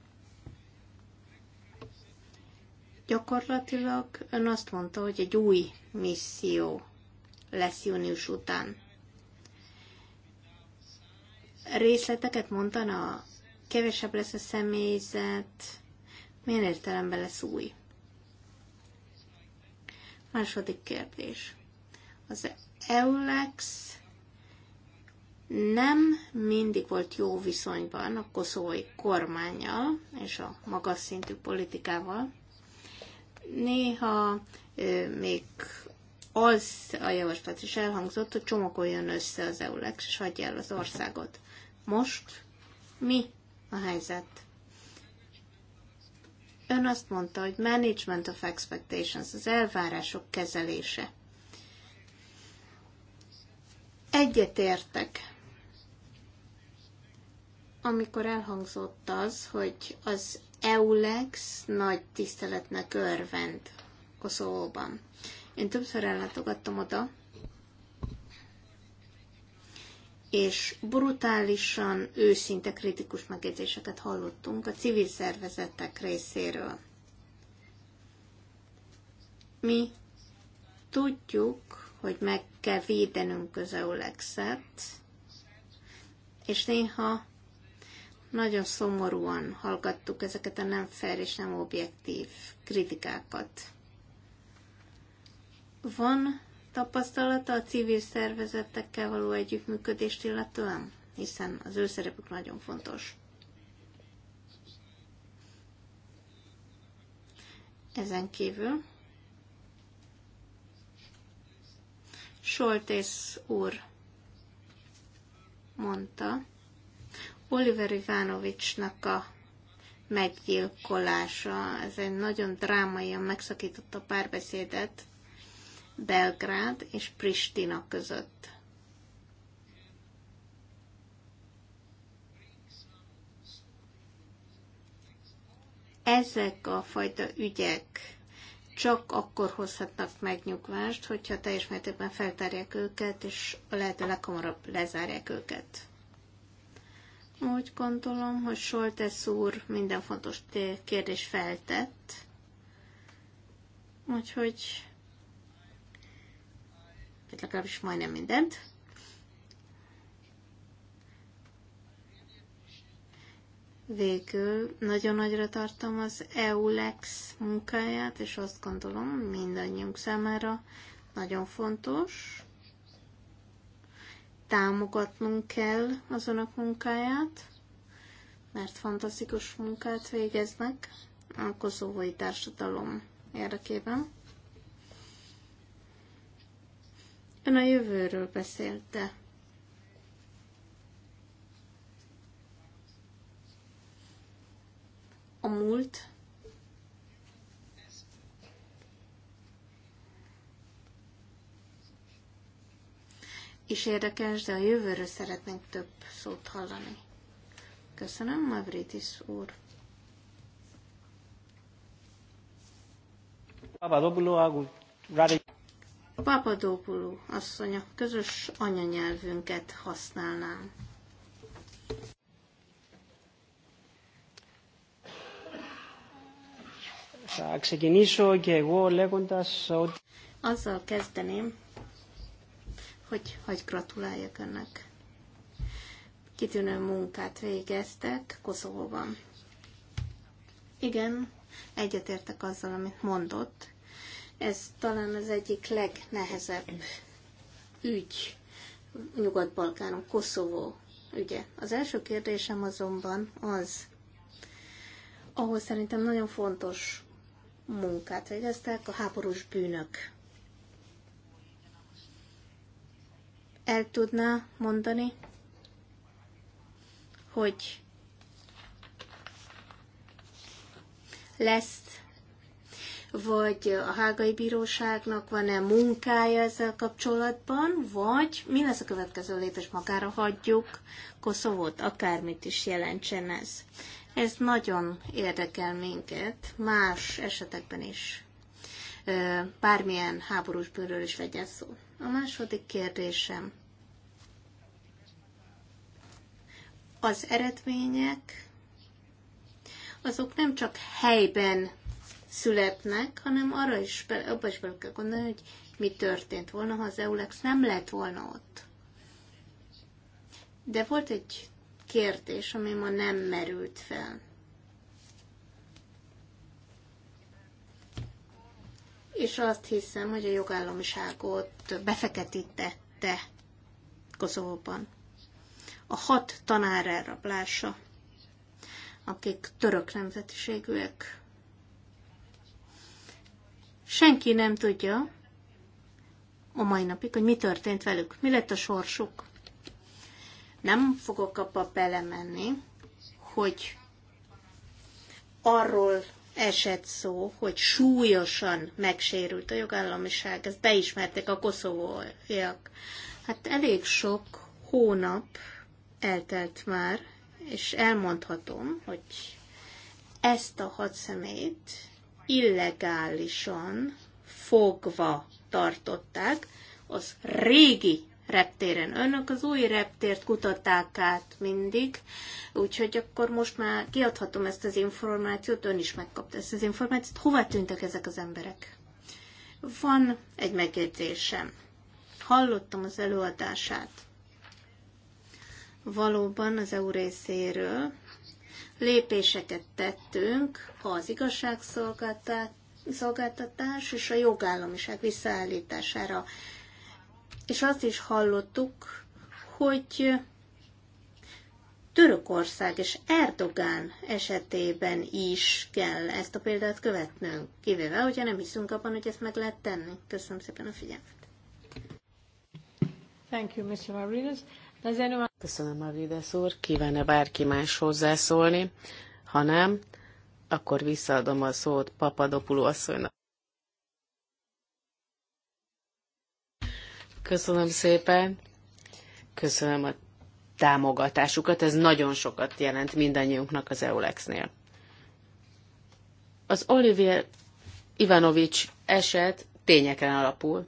Gyakorlatilag ön azt mondta, hogy egy új misszió lesz június után részleteket mondana? Kevesebb lesz a személyzet? Milyen értelemben lesz új? Második kérdés. Az EULEX nem mindig volt jó viszonyban a koszovai kormányjal és a magas szintű politikával. Néha még az a javaslat is elhangzott, hogy csomagoljon össze az EULEX, és hagyja el az országot. Most mi a helyzet? Ön azt mondta, hogy management of expectations, az elvárások kezelése. Egyetértek, amikor elhangzott az, hogy az EULEX nagy tiszteletnek örvend Koszovóban. Én többször ellátogattam oda, és brutálisan őszinte kritikus megjegyzéseket hallottunk a civil szervezetek részéről. Mi tudjuk, hogy meg kell védenünk az Eulexet, és néha nagyon szomorúan hallgattuk ezeket a nem fair és nem objektív kritikákat. Van tapasztalata a civil szervezetekkel való együttműködést illetően, hiszen az ő szerepük nagyon fontos. Ezen kívül Soltész úr mondta, Oliver Ivánovicsnak a meggyilkolása, ez egy nagyon drámaian megszakította párbeszédet Belgrád és Pristina között. Ezek a fajta ügyek csak akkor hozhatnak megnyugvást, hogyha teljes mértékben feltárják őket, és a lehető leghamarabb lezárják őket. Úgy gondolom, hogy Soltesz úr minden fontos kérdés feltett, úgyhogy vagy legalábbis majdnem mindent. Végül nagyon nagyra tartom az EULEX munkáját, és azt gondolom mindannyiunk számára nagyon fontos. Támogatnunk kell az önök munkáját, mert fantasztikus munkát végeznek a koszovói társadalom érdekében. éppen a jövőről beszélte. a múlt És érdekes, de a jövőről szeretnénk több szót hallani. Köszönöm, Mavridis úr. Papa I would Papadopoulou asszony a közös anyanyelvünket használná. Θα ξεκινήσω και εγώ λέγοντας ότι... Azzal kezdeném, hogy, hogy gratuláljak önnek. Kitűnő munkát végeztek Koszovóban. Igen, egyetértek azzal, amit mondott, ez talán az egyik legnehezebb ügy Nyugat-Balkánon, Koszovó ügye. Az első kérdésem azonban az, ahol szerintem nagyon fontos munkát végeztek a háborús bűnök. El tudná mondani, hogy lesz vagy a hágai bíróságnak van-e munkája ezzel kapcsolatban, vagy mi lesz a következő lépés, magára hagyjuk Koszovót, akármit is jelentsen ez. Ez nagyon érdekel minket, más esetekben is, bármilyen háborús bőről is legyen szó. A második kérdésem. Az eredmények azok nem csak helyben születnek, hanem arra is, abba is bele kell gondolni, hogy mi történt volna, ha az EULEX nem lett volna ott. De volt egy kérdés, ami ma nem merült fel. És azt hiszem, hogy a jogállamiságot befeketítette Koszovóban. A hat tanár elrablása, akik török nemzetiségűek, Senki nem tudja a mai napig, hogy mi történt velük, mi lett a sorsuk. Nem fogok abba belemenni, hogy arról esett szó, hogy súlyosan megsérült a jogállamiság, ezt beismerték a koszovóiak. Hát elég sok hónap eltelt már, és elmondhatom, hogy ezt a hat szemét illegálisan fogva tartották az régi reptéren. Önök az új reptért kutatták át mindig, úgyhogy akkor most már kiadhatom ezt az információt, ön is megkapta ezt az információt. Hova tűntek ezek az emberek? Van egy megjegyzésem. Hallottam az előadását. Valóban az EU részéről lépéseket tettünk az igazságszolgáltatás és a jogállamiság visszaállítására. És azt is hallottuk, hogy Törökország és Erdogán esetében is kell ezt a példát követnünk, kivéve, hogyha nem hiszünk abban, hogy ezt meg lehet tenni. Köszönöm szépen a figyelmet. Thank you, Mr. Marinas. Köszönöm a Vides úr. Kívánne bárki más hozzászólni? Ha nem, akkor visszaadom a szót Papadopuló asszonynak. Köszönöm szépen. Köszönöm a támogatásukat. Ez nagyon sokat jelent mindannyiunknak az EULEX-nél. Az Olivier Ivanovics eset tényeken alapul,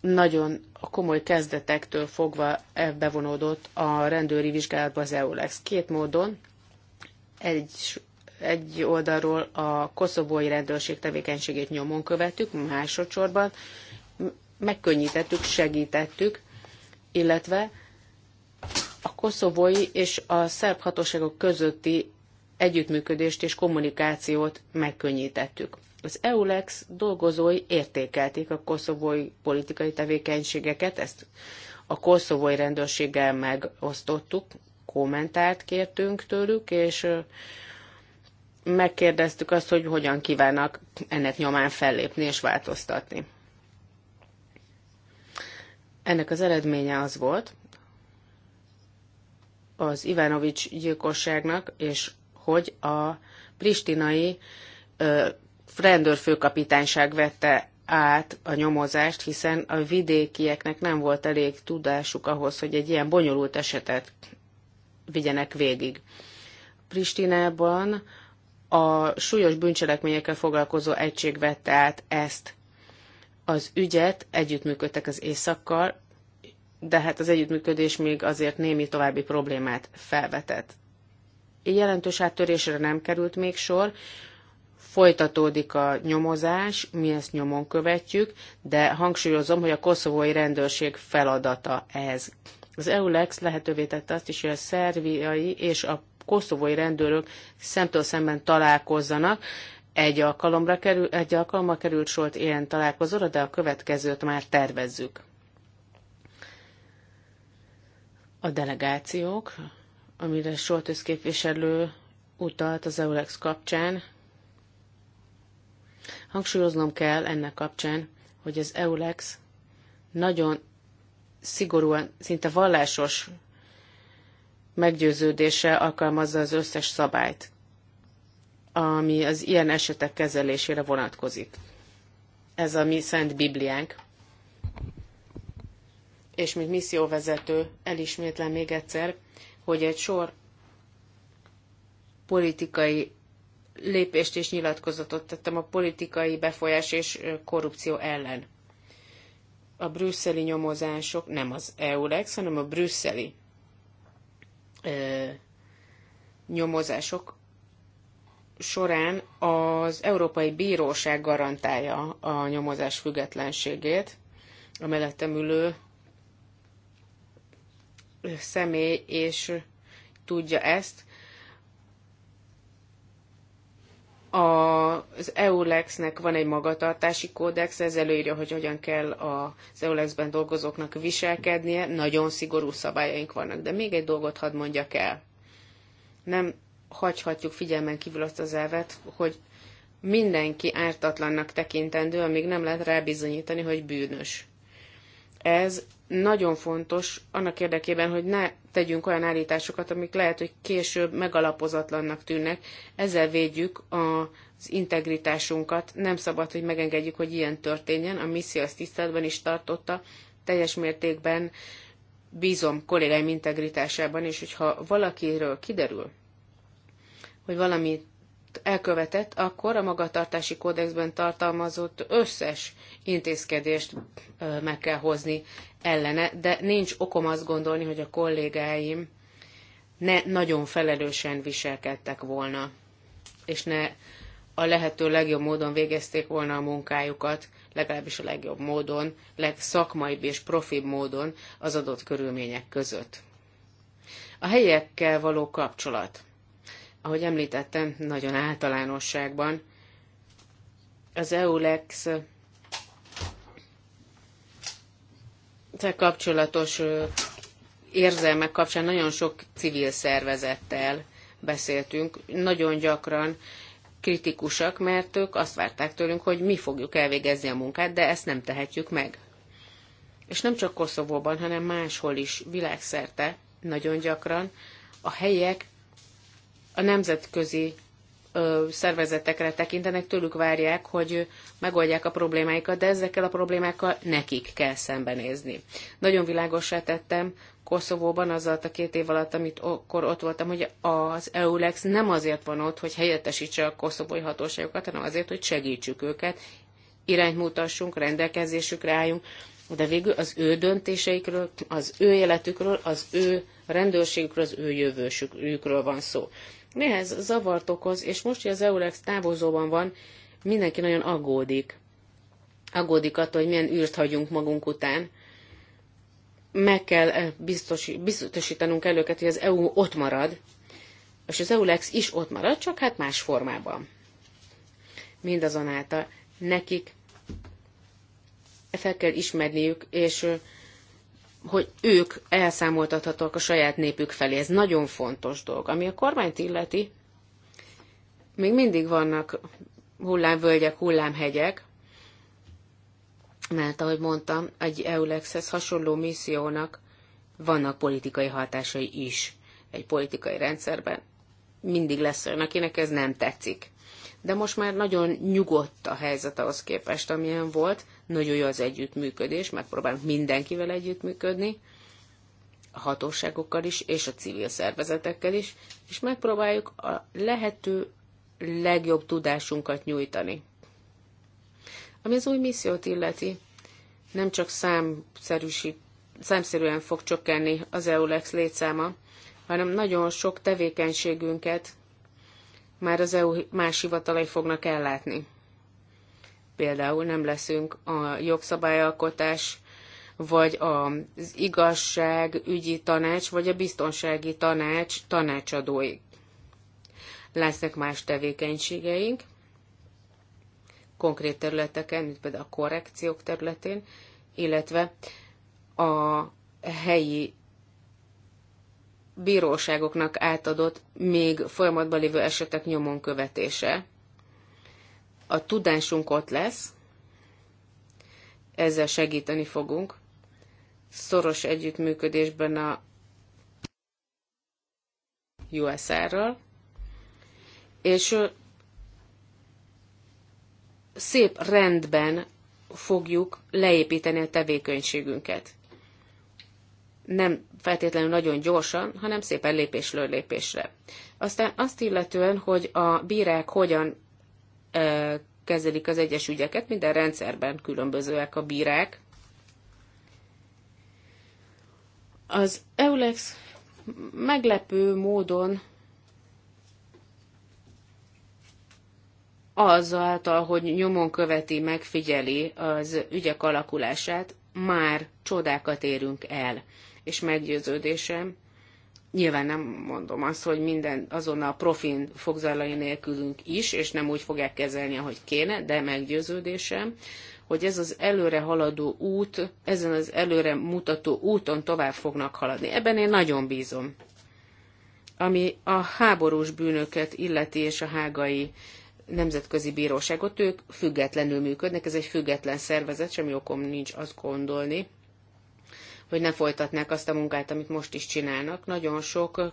nagyon a komoly kezdetektől fogva e bevonódott a rendőri vizsgálatba az EULEX. Két módon, egy, egy oldalról a koszovói rendőrség tevékenységét nyomon követtük, másodszorban megkönnyítettük, segítettük, illetve a koszovói és a szerb hatóságok közötti együttműködést és kommunikációt megkönnyítettük. Az EULEX dolgozói értékelték a koszovói politikai tevékenységeket, ezt a koszovói rendőrséggel megosztottuk, kommentárt kértünk tőlük, és megkérdeztük azt, hogy hogyan kívánnak ennek nyomán fellépni és változtatni. Ennek az eredménye az volt, az Ivanovics gyilkosságnak, és hogy a pristinai rendőrfőkapitányság vette át a nyomozást, hiszen a vidékieknek nem volt elég tudásuk ahhoz, hogy egy ilyen bonyolult esetet vigyenek végig. Pristinában a súlyos bűncselekményekkel foglalkozó egység vette át ezt az ügyet, együttműködtek az éjszakkal, de hát az együttműködés még azért némi további problémát felvetett. Jelentős áttörésre nem került még sor, folytatódik a nyomozás, mi ezt nyomon követjük, de hangsúlyozom, hogy a koszovói rendőrség feladata ez. Az EULEX lehetővé tette azt is, hogy a szerviai és a koszovói rendőrök szemtől szemben találkozzanak. Egy, alkalomra kerül, egy alkalommal került solt ilyen találkozóra, de a következőt már tervezzük. A delegációk, amire Soltösz képviselő utalt az EULEX kapcsán, Hangsúlyoznom kell ennek kapcsán, hogy az EULEX nagyon szigorúan, szinte vallásos meggyőződése alkalmazza az összes szabályt, ami az ilyen esetek kezelésére vonatkozik. Ez a mi szent Bibliánk. És mint misszióvezető elismétlem még egyszer, hogy egy sor politikai lépést és nyilatkozatot tettem a politikai befolyás és korrupció ellen. A brüsszeli nyomozások, nem az EULEX, hanem a brüsszeli ö, nyomozások során az Európai Bíróság garantálja a nyomozás függetlenségét, a mellettem ülő személy, és tudja ezt, az EULEX-nek van egy magatartási kódex, ez előírja, hogy hogyan kell az EULEX-ben dolgozóknak viselkednie, nagyon szigorú szabályaink vannak. De még egy dolgot hadd mondjak el. Nem hagyhatjuk figyelmen kívül azt az elvet, hogy mindenki ártatlannak tekintendő, amíg nem lehet bizonyítani, hogy bűnös. Ez nagyon fontos annak érdekében, hogy ne tegyünk olyan állításokat, amik lehet, hogy később megalapozatlannak tűnnek. Ezzel védjük az integritásunkat. Nem szabad, hogy megengedjük, hogy ilyen történjen. A misszió ezt tiszteletben is tartotta. Teljes mértékben bízom kollégáim integritásában, és hogyha valakiről kiderül, hogy valami elkövetett, akkor a magatartási kódexben tartalmazott összes intézkedést meg kell hozni ellene, de nincs okom azt gondolni, hogy a kollégáim ne nagyon felelősen viselkedtek volna, és ne a lehető legjobb módon végezték volna a munkájukat, legalábbis a legjobb módon, legszakmaibb és profibb módon az adott körülmények között. A helyekkel való kapcsolat. Ahogy említettem, nagyon általánosságban az EULEX kapcsolatos érzelmek kapcsán nagyon sok civil szervezettel beszéltünk. Nagyon gyakran kritikusak, mert ők azt várták tőlünk, hogy mi fogjuk elvégezni a munkát, de ezt nem tehetjük meg. És nem csak Koszovóban, hanem máshol is, világszerte, nagyon gyakran a helyek a nemzetközi szervezetekre tekintenek, tőlük várják, hogy megoldják a problémáikat, de ezekkel a problémákkal nekik kell szembenézni. Nagyon világosra tettem Koszovóban az alatt a két év alatt, amit akkor ott voltam, hogy az EULEX nem azért van ott, hogy helyettesítse a koszovói hatóságokat, hanem azért, hogy segítsük őket, irányt mutassunk, rendelkezésükre álljunk, de végül az ő döntéseikről, az ő életükről, az ő rendőrségükről, az ő jövősükről van szó. Néha ez zavart okoz, és most, hogy az Eurex távozóban van, mindenki nagyon aggódik. Aggódik attól, hogy milyen űrt hagyunk magunk után. Meg kell eh, biztosítanunk előket, hogy az EU ott marad, és az EULEX is ott marad, csak hát más formában. Mindazonáltal nekik fel kell ismerniük, és eh, hogy ők elszámoltathatók a saját népük felé. Ez nagyon fontos dolog. Ami a kormányt illeti, még mindig vannak hullámvölgyek, hullámhegyek, mert ahogy mondtam, egy EULEX-hez hasonló missziónak vannak politikai hatásai is egy politikai rendszerben. Mindig lesz olyan, akinek ez nem tetszik. De most már nagyon nyugodt a helyzet ahhoz képest, amilyen volt, nagyon jó az együttműködés, megpróbálunk mindenkivel együttműködni, a hatóságokkal is, és a civil szervezetekkel is, és megpróbáljuk a lehető legjobb tudásunkat nyújtani. Ami az új missziót illeti, nem csak számszerűen fog csökkenni az EULEX létszáma, hanem nagyon sok tevékenységünket már az EU más hivatalai fognak ellátni például nem leszünk a jogszabályalkotás, vagy az igazságügyi tanács, vagy a biztonsági tanács tanácsadói. Lesznek más tevékenységeink, konkrét területeken, mint például a korrekciók területén, illetve a helyi bíróságoknak átadott, még folyamatban lévő esetek nyomon követése, a tudásunk ott lesz, ezzel segíteni fogunk. Szoros együttműködésben a USR-ral, és szép rendben fogjuk leépíteni a tevékenységünket. Nem feltétlenül nagyon gyorsan, hanem szépen lépésről lépésre. Aztán azt illetően, hogy a bírák hogyan kezelik az egyes ügyeket, minden rendszerben különbözőek a bírák. Az EULEX meglepő módon azáltal, hogy nyomon követi, megfigyeli az ügyek alakulását, már csodákat érünk el. És meggyőződésem, Nyilván nem mondom azt, hogy minden azonnal profin fog zajlani nélkülünk is, és nem úgy fogják kezelni, ahogy kéne, de meggyőződésem, hogy ez az előre haladó út, ezen az előre mutató úton tovább fognak haladni. Ebben én nagyon bízom. Ami a háborús bűnöket illeti és a hágai nemzetközi bíróságot, ők függetlenül működnek, ez egy független szervezet, semmi okom nincs azt gondolni, hogy ne folytatnák azt a munkát, amit most is csinálnak. Nagyon sok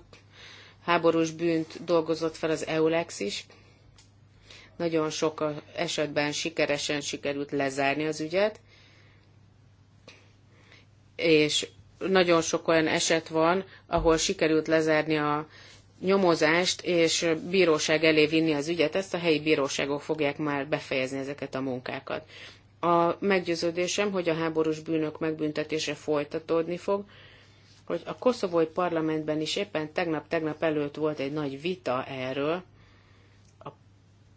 háborús bűnt dolgozott fel az EULEX is. Nagyon sok esetben sikeresen sikerült lezárni az ügyet, és nagyon sok olyan eset van, ahol sikerült lezárni a nyomozást és bíróság elé vinni az ügyet, ezt a helyi bíróságok fogják már befejezni ezeket a munkákat a meggyőződésem, hogy a háborús bűnök megbüntetése folytatódni fog, hogy a koszovói parlamentben is éppen tegnap-tegnap előtt volt egy nagy vita erről, a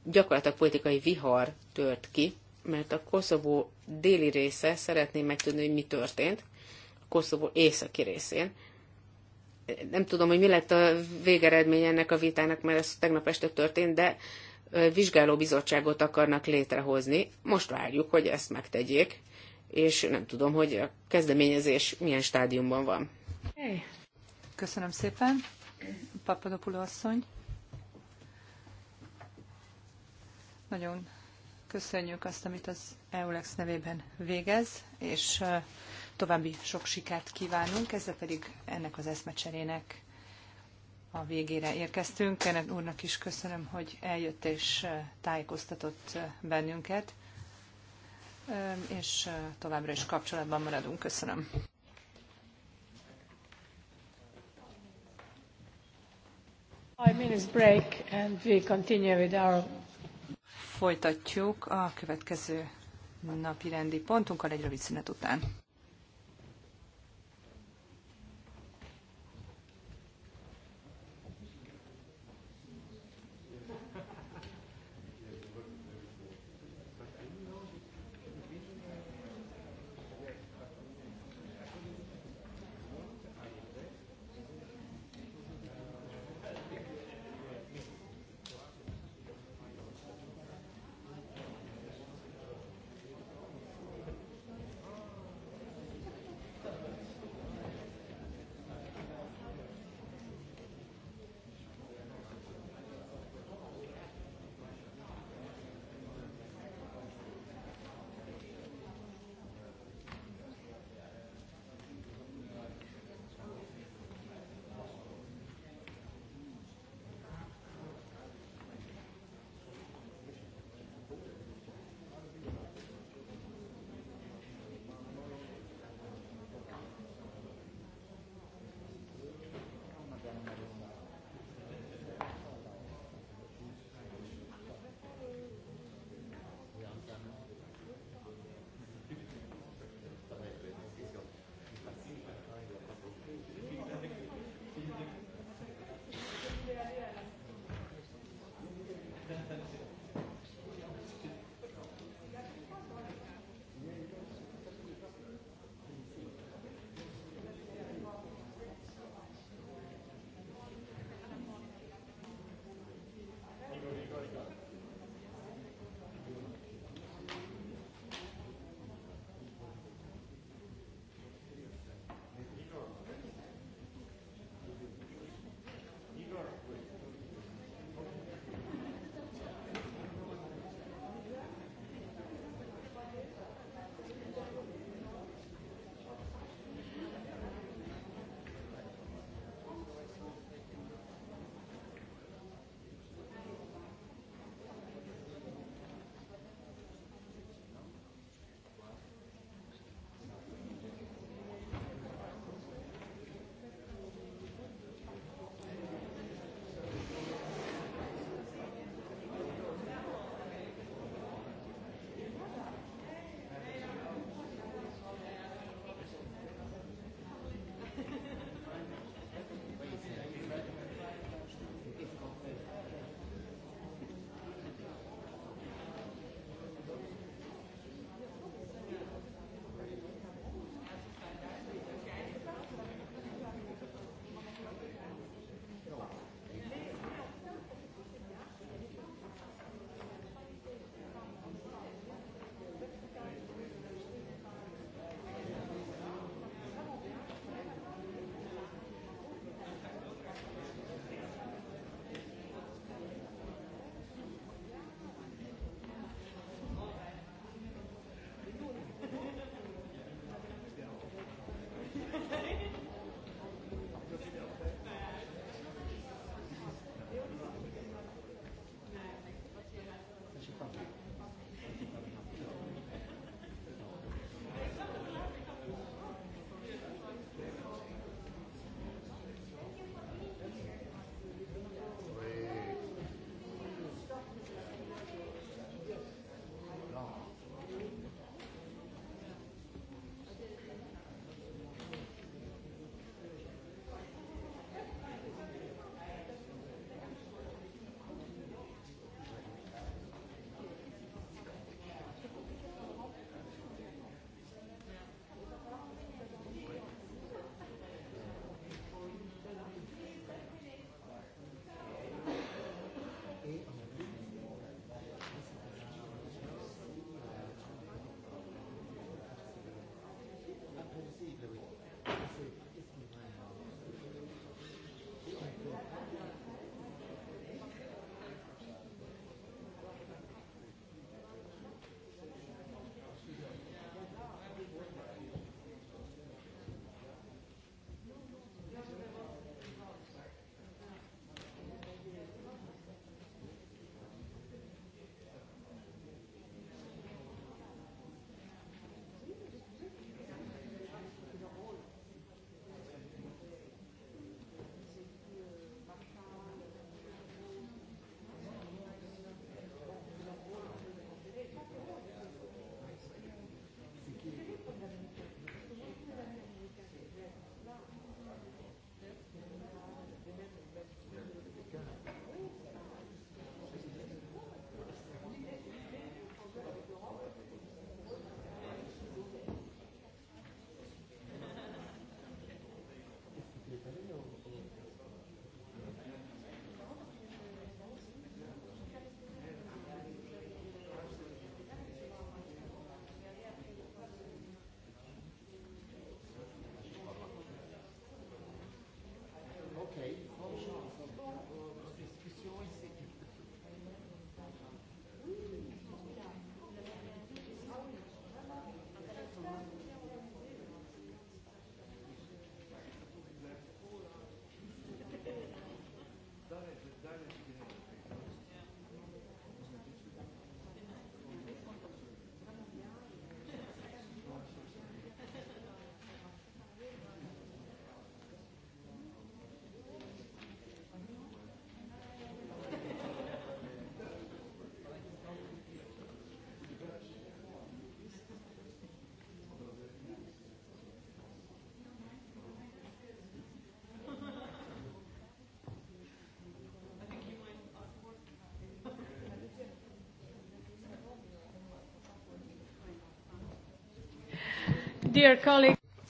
gyakorlatilag politikai vihar tört ki, mert a Koszovó déli része szeretné megtudni, hogy mi történt, a Koszovó északi részén. Nem tudom, hogy mi lett a végeredmény ennek a vitának, mert ez tegnap este történt, de vizsgálóbizottságot akarnak létrehozni. Most várjuk, hogy ezt megtegyék, és nem tudom, hogy a kezdeményezés milyen stádiumban van. Köszönöm szépen, Papadopulo asszony. Nagyon köszönjük azt, amit az EULEX nevében végez, és további sok sikert kívánunk, ezzel pedig ennek az eszmecserének a végére érkeztünk. Kenneth úrnak is köszönöm, hogy eljött és tájékoztatott bennünket, és továbbra is kapcsolatban maradunk. Köszönöm. Five minutes break and we continue with our... Folytatjuk a következő napi rendi pontunkkal egy rövid szünet után.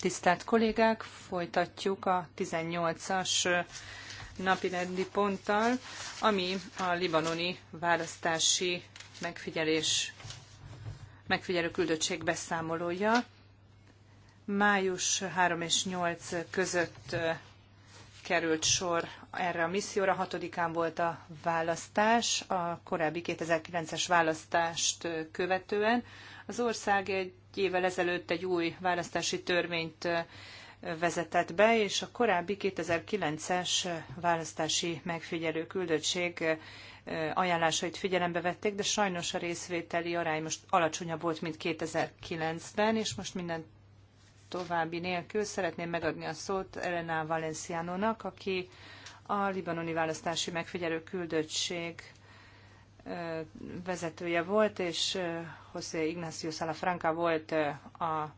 Tisztelt kollégák, folytatjuk a 18-as rendi ponttal, ami a libanoni választási megfigyelés megfigyelő küldöttség beszámolója. Május 3 és 8 között került sor erre a misszióra. Hatodikán volt a választás, a korábbi 2009-es választást követően. Az ország egy évvel ezelőtt egy új választási törvényt vezetett be, és a korábbi 2009-es választási megfigyelő küldöttség ajánlásait figyelembe vették, de sajnos a részvételi arány most alacsonyabb volt, mint 2009-ben, és most minden további nélkül szeretném megadni a szót Elena Valenciano-nak, aki a libanoni választási megfigyelő küldöttség vezetője volt, és José Ignacio Salafranca volt a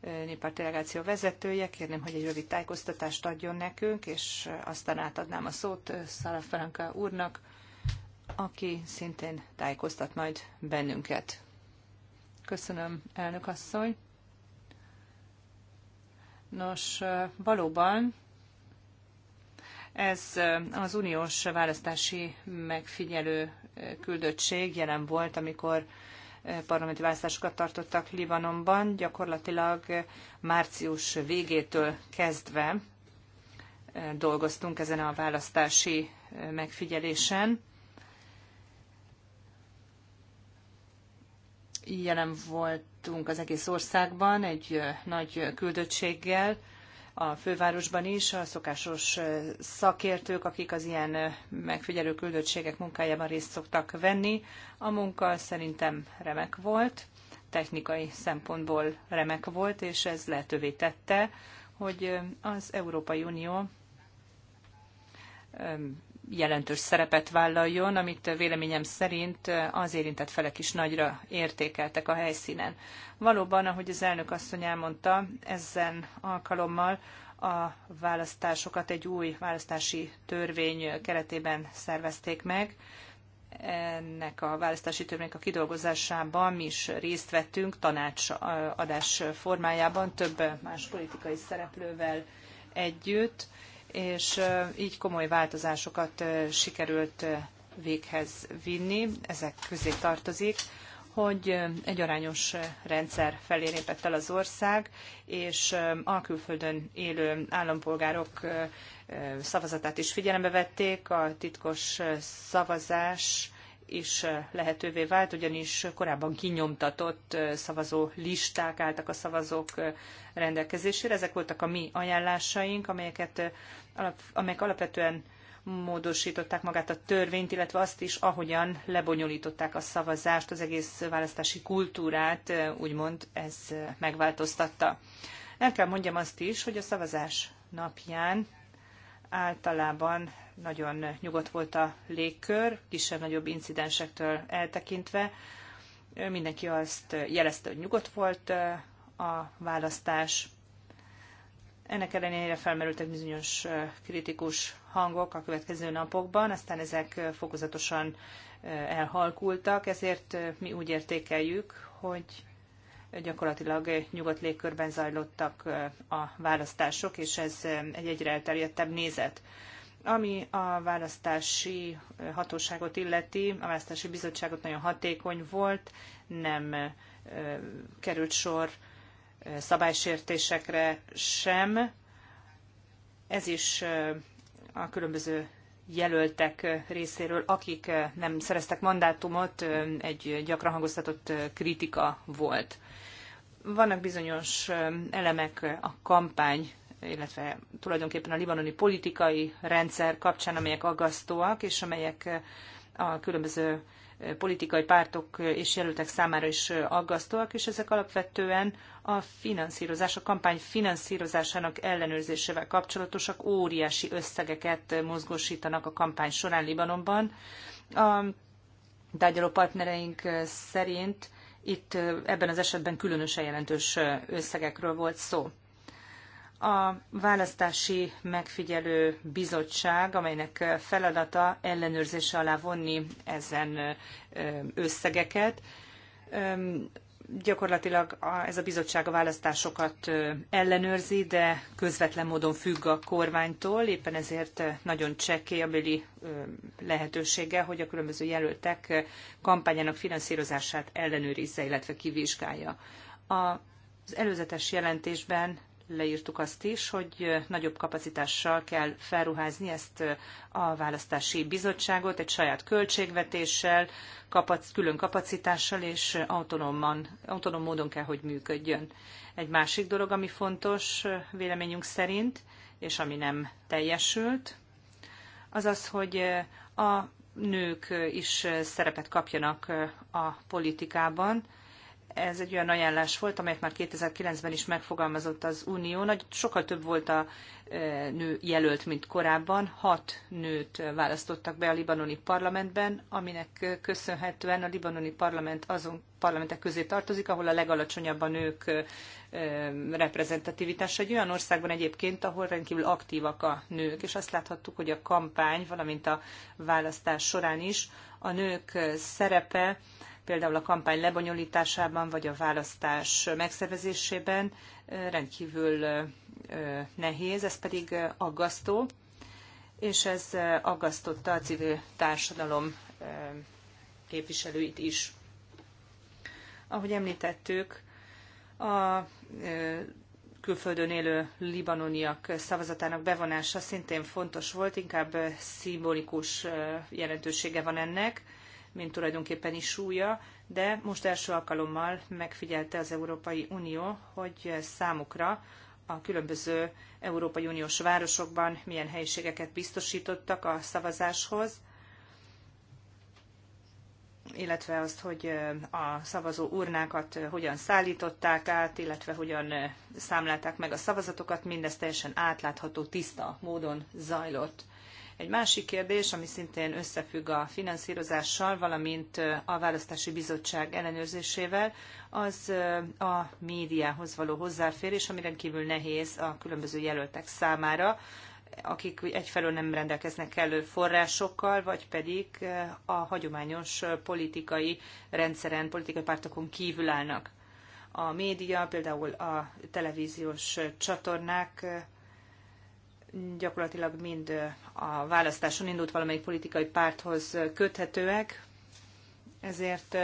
néppárt delegáció vezetője. Kérném, hogy egy rövid tájékoztatást adjon nekünk, és aztán átadnám a szót Salafranca úrnak, aki szintén tájékoztat majd bennünket. Köszönöm, elnök asszony. Nos, valóban ez az uniós választási megfigyelő küldöttség jelen volt, amikor parlamenti választásokat tartottak Libanonban, gyakorlatilag március végétől kezdve dolgoztunk ezen a választási megfigyelésen. Jelen voltunk az egész országban egy nagy küldöttséggel, a fővárosban is a szokásos szakértők, akik az ilyen megfigyelő küldöttségek munkájában részt szoktak venni. A munka szerintem remek volt, technikai szempontból remek volt, és ez lehetővé tette, hogy az Európai Unió jelentős szerepet vállaljon, amit véleményem szerint az érintett felek is nagyra értékeltek a helyszínen. Valóban, ahogy az elnök asszony elmondta, ezen alkalommal a választásokat egy új választási törvény keretében szervezték meg. Ennek a választási törvénynek a kidolgozásában mi is részt vettünk tanácsadás formájában több más politikai szereplővel együtt és így komoly változásokat sikerült véghez vinni, ezek közé tartozik, hogy egy arányos rendszer felé lépett el az ország, és a külföldön élő állampolgárok szavazatát is figyelembe vették, a titkos szavazás is lehetővé vált, ugyanis korábban kinyomtatott szavazó listák álltak a szavazók rendelkezésére. Ezek voltak a mi ajánlásaink, amelyeket, amelyek alapvetően módosították magát a törvényt, illetve azt is, ahogyan lebonyolították a szavazást, az egész választási kultúrát, úgymond ez megváltoztatta. El kell mondjam azt is, hogy a szavazás napján általában nagyon nyugodt volt a légkör, kisebb-nagyobb incidensektől eltekintve. Mindenki azt jelezte, hogy nyugodt volt a választás. Ennek ellenére felmerültek bizonyos kritikus hangok a következő napokban, aztán ezek fokozatosan elhalkultak, ezért mi úgy értékeljük, hogy gyakorlatilag nyugodt légkörben zajlottak a választások, és ez egy egyre elterjedtebb nézet. Ami a választási hatóságot illeti, a választási bizottságot nagyon hatékony volt, nem került sor szabálysértésekre sem. Ez is a különböző jelöltek részéről, akik nem szereztek mandátumot, egy gyakran hangoztatott kritika volt. Vannak bizonyos elemek a kampány illetve tulajdonképpen a libanoni politikai rendszer kapcsán, amelyek aggasztóak, és amelyek a különböző politikai pártok és jelöltek számára is aggasztóak, és ezek alapvetően a finanszírozás, a kampány finanszírozásának ellenőrzésével kapcsolatosak óriási összegeket mozgósítanak a kampány során Libanonban. A tárgyaló partnereink szerint itt ebben az esetben különösen jelentős összegekről volt szó a választási megfigyelő bizottság, amelynek feladata ellenőrzése alá vonni ezen összegeket. Gyakorlatilag ez a bizottság a választásokat ellenőrzi, de közvetlen módon függ a kormánytól, éppen ezért nagyon csekély a béli lehetősége, hogy a különböző jelöltek kampányának finanszírozását ellenőrizze, illetve kivizsgálja. Az előzetes jelentésben leírtuk azt is, hogy nagyobb kapacitással kell felruházni ezt a választási bizottságot egy saját költségvetéssel, kapac, külön kapacitással és autonóman, autonóm módon kell, hogy működjön. Egy másik dolog, ami fontos véleményünk szerint, és ami nem teljesült, az az, hogy a nők is szerepet kapjanak a politikában, ez egy olyan ajánlás volt, amelyet már 2009-ben is megfogalmazott az Unió. Nagy, sokkal több volt a e, nő jelölt, mint korábban. Hat nőt választottak be a libanoni parlamentben, aminek köszönhetően a libanoni parlament azon parlamentek közé tartozik, ahol a legalacsonyabb a nők e, reprezentativitása. Egy olyan országban egyébként, ahol rendkívül aktívak a nők, és azt láthattuk, hogy a kampány, valamint a választás során is a nők e, szerepe például a kampány lebonyolításában vagy a választás megszervezésében rendkívül nehéz, ez pedig aggasztó, és ez aggasztotta a civil társadalom képviselőit is. Ahogy említettük, a külföldön élő libanoniak szavazatának bevonása szintén fontos volt, inkább szimbolikus jelentősége van ennek mint tulajdonképpen is súlya, de most első alkalommal megfigyelte az Európai Unió, hogy számukra a különböző Európai Uniós városokban milyen helyiségeket biztosítottak a szavazáshoz, illetve azt, hogy a szavazó urnákat hogyan szállították át, illetve hogyan számlálták meg a szavazatokat, mindez teljesen átlátható, tiszta módon zajlott. Egy másik kérdés, ami szintén összefügg a finanszírozással, valamint a választási bizottság ellenőrzésével, az a médiához való hozzáférés, ami rendkívül nehéz a különböző jelöltek számára, akik egyfelől nem rendelkeznek kellő forrásokkal, vagy pedig a hagyományos politikai rendszeren, politikai pártokon kívül állnak. A média, például a televíziós csatornák gyakorlatilag mind a választáson indult valamelyik politikai párthoz köthetőek, ezért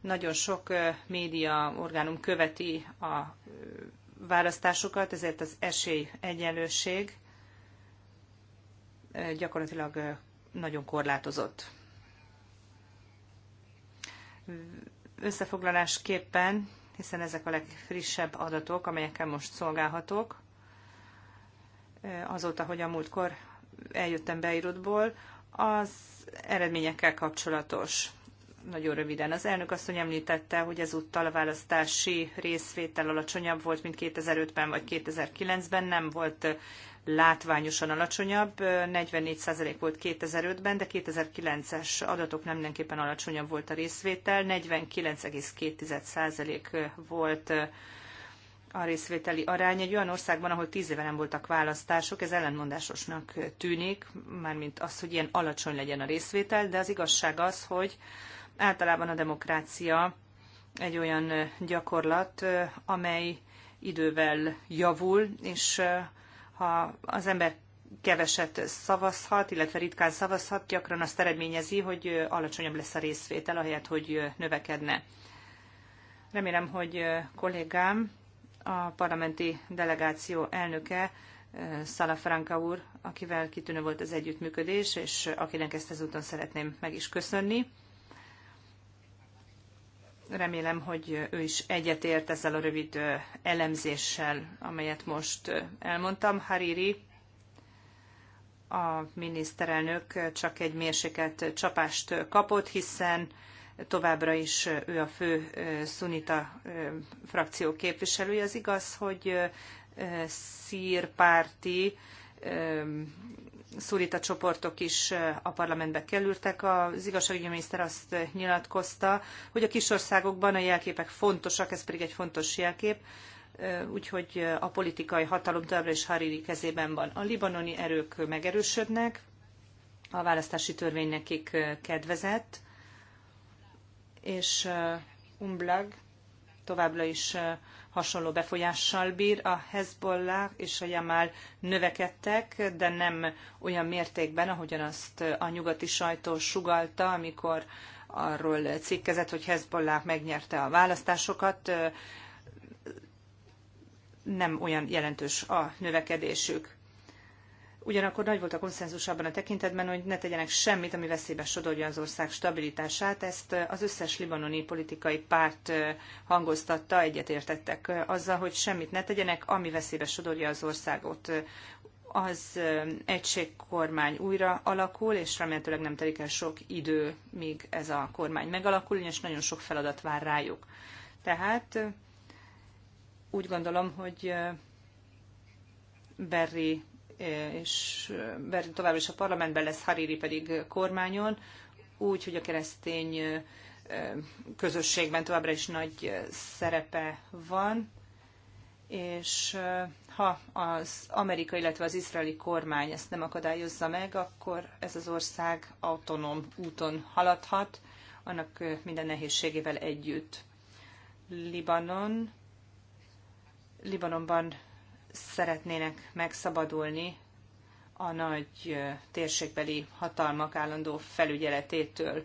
nagyon sok média orgánum követi a választásokat, ezért az esély egyenlőség gyakorlatilag nagyon korlátozott. Összefoglalásképpen, hiszen ezek a legfrissebb adatok, amelyekkel most szolgálhatok, azóta, hogy a múltkor eljöttem Beirutból, az eredményekkel kapcsolatos. Nagyon röviden. Az elnök asszony említette, hogy ezúttal a választási részvétel alacsonyabb volt, mint 2005-ben vagy 2009-ben, nem volt látványosan alacsonyabb, 44% volt 2005-ben, de 2009-es adatok nem mindenképpen alacsonyabb volt a részvétel, 49,2% volt a részvételi arány egy olyan országban, ahol tíz éve nem voltak választások, ez ellentmondásosnak tűnik, mármint az, hogy ilyen alacsony legyen a részvétel, de az igazság az, hogy általában a demokrácia egy olyan gyakorlat, amely idővel javul, és ha az ember keveset szavazhat, illetve ritkán szavazhat, gyakran azt eredményezi, hogy alacsonyabb lesz a részvétel, ahelyett, hogy növekedne. Remélem, hogy kollégám a parlamenti delegáció elnöke, eh, Salafranca úr, akivel kitűnő volt az együttműködés, és akinek ezt ezúton szeretném meg is köszönni. Remélem, hogy ő is egyetért ezzel a rövid eh, elemzéssel, amelyet most eh, elmondtam. Hariri, a miniszterelnök csak egy mérsékelt csapást kapott, hiszen továbbra is ő a fő szunita frakció képviselője. Az igaz, hogy szírpárti szurita csoportok is a parlamentbe kerültek. Az igazságügyi miniszter azt nyilatkozta, hogy a kisországokban a jelképek fontosak, ez pedig egy fontos jelkép, úgyhogy a politikai hatalom továbbra is Hariri kezében van. A libanoni erők megerősödnek, a választási törvény nekik kedvezett, és Umblag továbbra is hasonló befolyással bír. A Hezbollah és a Jamal növekedtek, de nem olyan mértékben, ahogyan azt a nyugati sajtó sugalta, amikor arról cikkezett, hogy Hezbollah megnyerte a választásokat. Nem olyan jelentős a növekedésük. Ugyanakkor nagy volt a konszenzus abban a tekintetben, hogy ne tegyenek semmit, ami veszélybe sodorja az ország stabilitását. Ezt az összes libanoni politikai párt hangoztatta, egyetértettek azzal, hogy semmit ne tegyenek, ami veszélybe sodorja az országot. Az egységkormány újra alakul, és remélhetőleg nem telik el sok idő, míg ez a kormány megalakul, és nagyon sok feladat vár rájuk. Tehát úgy gondolom, hogy Berri és továbbra is a parlamentben lesz, Hariri pedig kormányon, úgy, hogy a keresztény közösségben továbbra is nagy szerepe van, és ha az amerikai, illetve az izraeli kormány ezt nem akadályozza meg, akkor ez az ország autonóm úton haladhat, annak minden nehézségével együtt. Libanon, Libanonban szeretnének megszabadulni a nagy térségbeli hatalmak állandó felügyeletétől.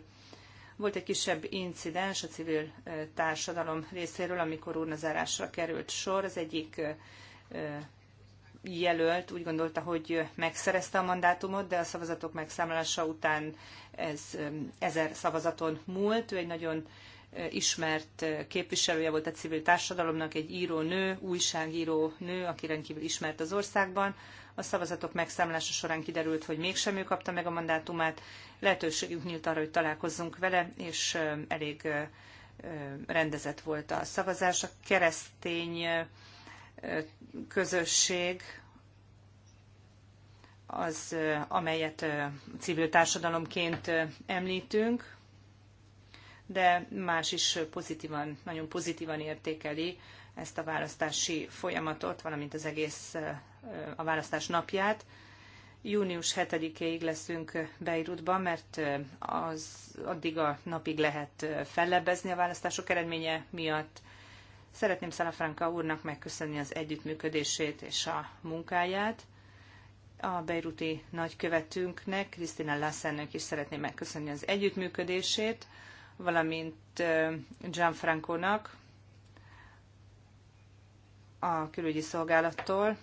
Volt egy kisebb incidens a civil társadalom részéről, amikor urnazárásra került sor. Az egyik jelölt úgy gondolta, hogy megszerezte a mandátumot, de a szavazatok megszámlálása után ez ezer szavazaton múlt. Ő egy nagyon ismert képviselője volt a civil társadalomnak, egy író nő, újságíró nő, aki rendkívül ismert az országban. A szavazatok megszámlása során kiderült, hogy mégsem ő kapta meg a mandátumát. Lehetőségünk nyílt arra, hogy találkozzunk vele, és elég rendezett volt a szavazás. A keresztény közösség, az, amelyet civil társadalomként említünk, de más is pozitívan, nagyon pozitívan értékeli ezt a választási folyamatot, valamint az egész a választás napját. Június 7-ig leszünk Beirutban, mert az addig a napig lehet fellebbezni a választások eredménye miatt. Szeretném Szalafranka úrnak megköszönni az együttműködését és a munkáját. A beiruti nagykövetünknek, Krisztina Lassennek is szeretném megköszönni az együttműködését valamint Gianfranco-nak a külügyi szolgálattól,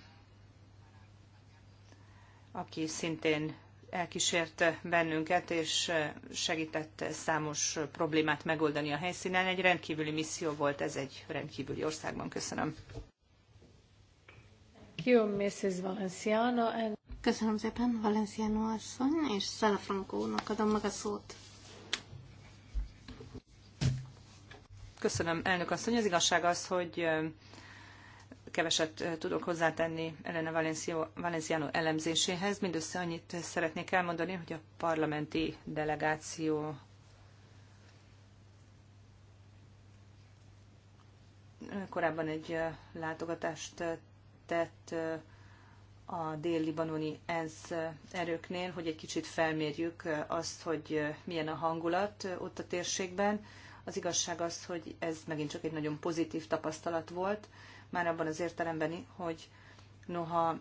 aki szintén elkísért bennünket, és segített számos problémát megoldani a helyszínen. Egy rendkívüli misszió volt ez egy rendkívüli országban. Köszönöm. Köszönöm szépen, Valenciano asszony, és Szelefrankónak adom meg a szót. Köszönöm, elnök asszony. Az igazság az, hogy keveset tudok hozzátenni Elena Valencio, Valenciano elemzéséhez. Mindössze annyit szeretnék elmondani, hogy a parlamenti delegáció korábban egy látogatást tett a dél-libanoni ENSZ erőknél, hogy egy kicsit felmérjük azt, hogy milyen a hangulat ott a térségben az igazság az, hogy ez megint csak egy nagyon pozitív tapasztalat volt, már abban az értelemben, hogy noha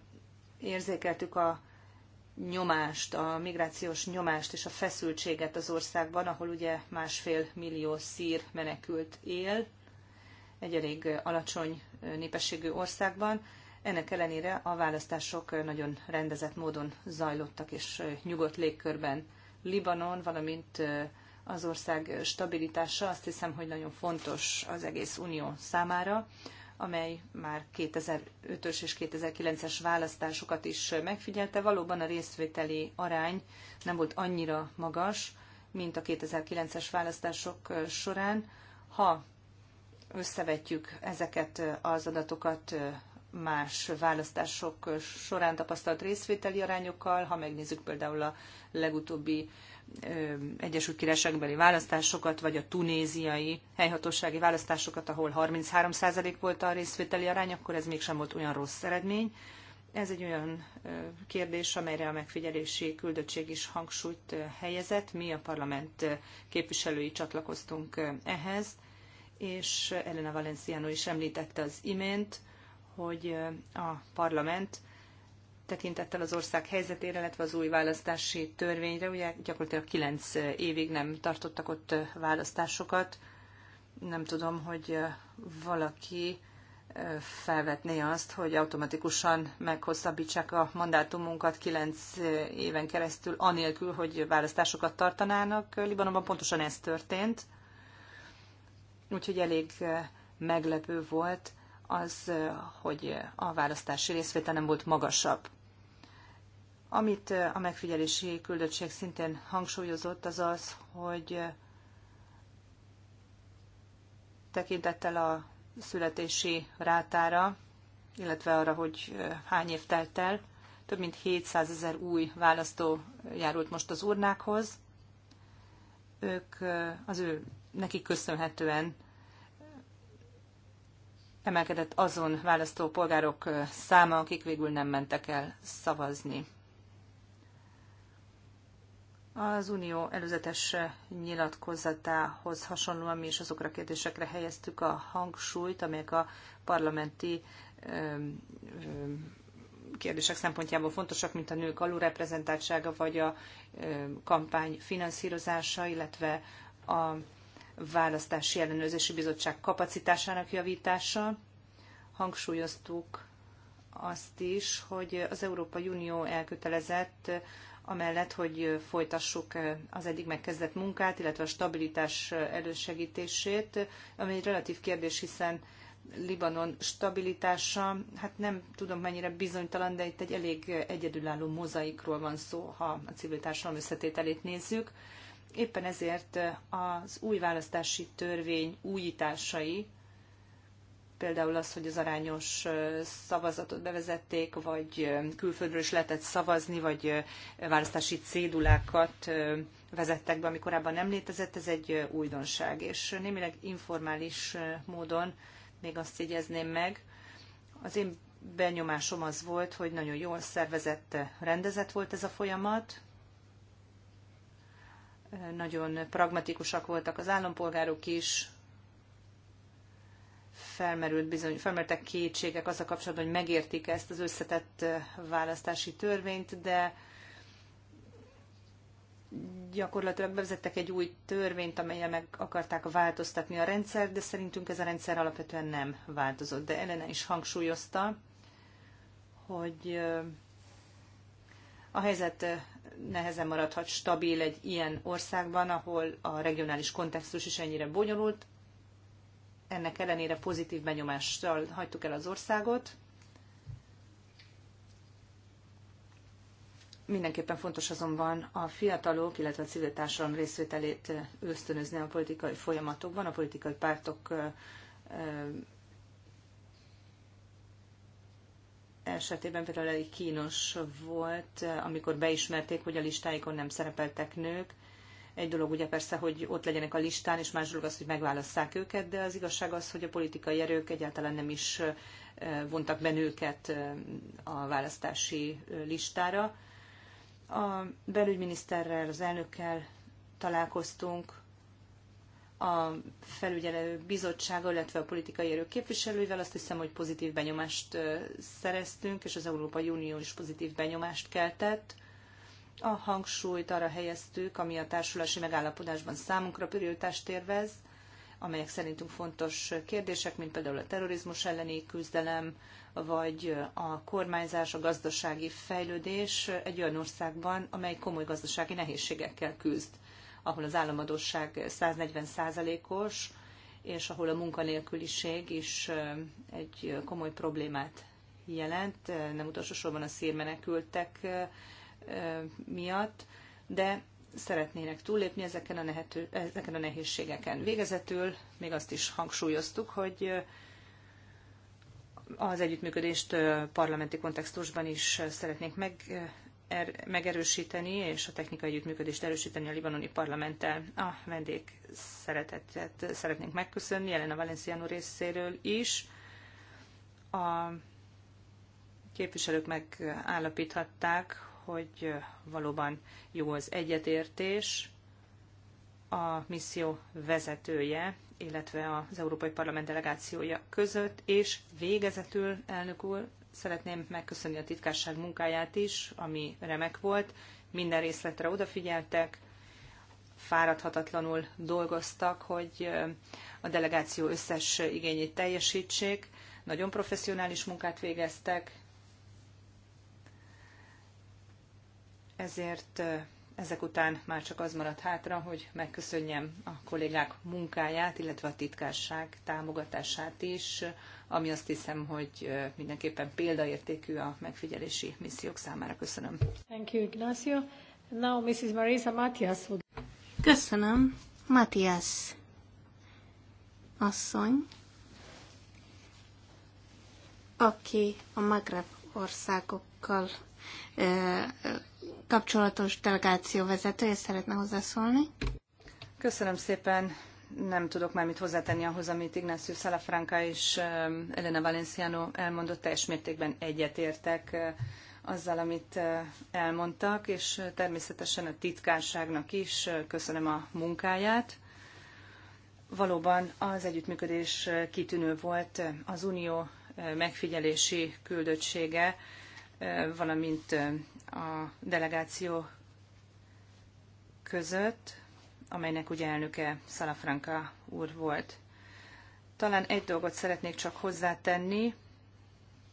érzékeltük a nyomást, a migrációs nyomást és a feszültséget az országban, ahol ugye másfél millió szír menekült él, egy elég alacsony népességű országban. Ennek ellenére a választások nagyon rendezett módon zajlottak és nyugodt légkörben. Libanon, valamint az ország stabilitása azt hiszem, hogy nagyon fontos az egész unió számára, amely már 2005-ös és 2009-es választásokat is megfigyelte. Valóban a részvételi arány nem volt annyira magas, mint a 2009-es választások során. Ha összevetjük ezeket az adatokat más választások során tapasztalt részvételi arányokkal, ha megnézzük például a legutóbbi Egyesült Királyságbeli választásokat, vagy a tunéziai helyhatósági választásokat, ahol 33% volt a részvételi arány, akkor ez mégsem volt olyan rossz eredmény. Ez egy olyan kérdés, amelyre a megfigyelési küldöttség is hangsúlyt helyezett. Mi a parlament képviselői csatlakoztunk ehhez, és Elena Valenciano is említette az imént, hogy a parlament tekintettel az ország helyzetére, illetve az új választási törvényre. Ugye gyakorlatilag kilenc évig nem tartottak ott választásokat. Nem tudom, hogy valaki felvetné azt, hogy automatikusan meghosszabbítsák a mandátumunkat kilenc éven keresztül, anélkül, hogy választásokat tartanának. Libanonban pontosan ez történt. Úgyhogy elég meglepő volt az, hogy a választási részvétel nem volt magasabb. Amit a megfigyelési küldöttség szintén hangsúlyozott, az az, hogy tekintettel a születési rátára, illetve arra, hogy hány év telt el, több mint 700 ezer új választó járult most az urnákhoz. Ők az ő, nekik köszönhetően emelkedett azon választó polgárok száma, akik végül nem mentek el szavazni. Az Unió előzetes nyilatkozatához hasonlóan mi is azokra a kérdésekre helyeztük a hangsúlyt, amelyek a parlamenti kérdések szempontjából fontosak, mint a nők alulreprezentáltsága, vagy a kampány finanszírozása, illetve a választási ellenőrzési bizottság kapacitásának javítása. Hangsúlyoztuk azt is, hogy az Európai Unió elkötelezett amellett, hogy folytassuk az eddig megkezdett munkát, illetve a stabilitás elősegítését, ami egy relatív kérdés, hiszen Libanon stabilitása, hát nem tudom mennyire bizonytalan, de itt egy elég egyedülálló mozaikról van szó, ha a civil társadalom összetételét nézzük. Éppen ezért az új választási törvény újításai például az, hogy az arányos szavazatot bevezették, vagy külföldről is lehetett szavazni, vagy választási cédulákat vezettek be, ami korábban nem létezett, ez egy újdonság. És némileg informális módon még azt jegyezném meg, az én benyomásom az volt, hogy nagyon jól szervezett, rendezett volt ez a folyamat, nagyon pragmatikusak voltak az állampolgárok is, felmerült bizony, felmertek kétségek az a kapcsolatban, hogy megértik ezt az összetett választási törvényt, de gyakorlatilag bevezettek egy új törvényt, amelyel meg akarták változtatni a rendszer, de szerintünk ez a rendszer alapvetően nem változott. De Elena is hangsúlyozta, hogy a helyzet nehezen maradhat stabil egy ilyen országban, ahol a regionális kontextus is ennyire bonyolult ennek ellenére pozitív benyomással hagytuk el az országot. Mindenképpen fontos azonban a fiatalok, illetve a civil társadalom részvételét ösztönözni a politikai folyamatokban, a politikai pártok esetében például elég kínos volt, amikor beismerték, hogy a listáikon nem szerepeltek nők, egy dolog ugye persze, hogy ott legyenek a listán, és más dolog az, hogy megválasszák őket, de az igazság az, hogy a politikai erők egyáltalán nem is vontak be őket a választási listára. A belügyminiszterrel, az elnökkel találkoztunk, a felügyelő bizottsága, illetve a politikai erők képviselőivel azt hiszem, hogy pozitív benyomást szereztünk, és az Európai Unió is pozitív benyomást keltett a hangsúlyt arra helyeztük, ami a társulási megállapodásban számunkra prioritást érvez, amelyek szerintünk fontos kérdések, mint például a terrorizmus elleni küzdelem, vagy a kormányzás, a gazdasági fejlődés egy olyan országban, amely komoly gazdasági nehézségekkel küzd, ahol az államadóság 140%-os, és ahol a munkanélküliség is egy komoly problémát jelent, nem utolsó sorban a szírmenekültek miatt, de szeretnének túllépni ezeken a, nehető, ezeken a nehézségeken. Végezetül még azt is hangsúlyoztuk, hogy az együttműködést parlamenti kontextusban is szeretnénk meg, er, megerősíteni, és a technikai együttműködést erősíteni a libanoni parlamenttel. A vendég szeretetet szeretnénk megköszönni, a Valenciano részéről is. A képviselők megállapíthatták, hogy valóban jó az egyetértés a misszió vezetője, illetve az Európai Parlament delegációja között, és végezetül, elnök úr, szeretném megköszönni a titkárság munkáját is, ami remek volt, minden részletre odafigyeltek, fáradhatatlanul dolgoztak, hogy a delegáció összes igényét teljesítsék. Nagyon professzionális munkát végeztek, ezért ezek után már csak az maradt hátra, hogy megköszönjem a kollégák munkáját, illetve a titkárság támogatását is, ami azt hiszem, hogy mindenképpen példaértékű a megfigyelési missziók számára. Köszönöm. Thank you, Ignacio. Now Mrs. Marisa Matias. Köszönöm. Matias asszony, aki a Magreb országokkal kapcsolatos delegáció vezetője szeretne hozzászólni. Köszönöm szépen. Nem tudok már mit hozzátenni ahhoz, amit Ignacio Salafranca és um, Elena Valenciano elmondott. Teljes mértékben egyetértek uh, azzal, amit uh, elmondtak, és uh, természetesen a titkárságnak is köszönöm a munkáját. Valóban az együttműködés kitűnő volt az Unió megfigyelési küldöttsége, valamint a delegáció között, amelynek ugye elnöke Szalafranka úr volt. Talán egy dolgot szeretnék csak hozzátenni,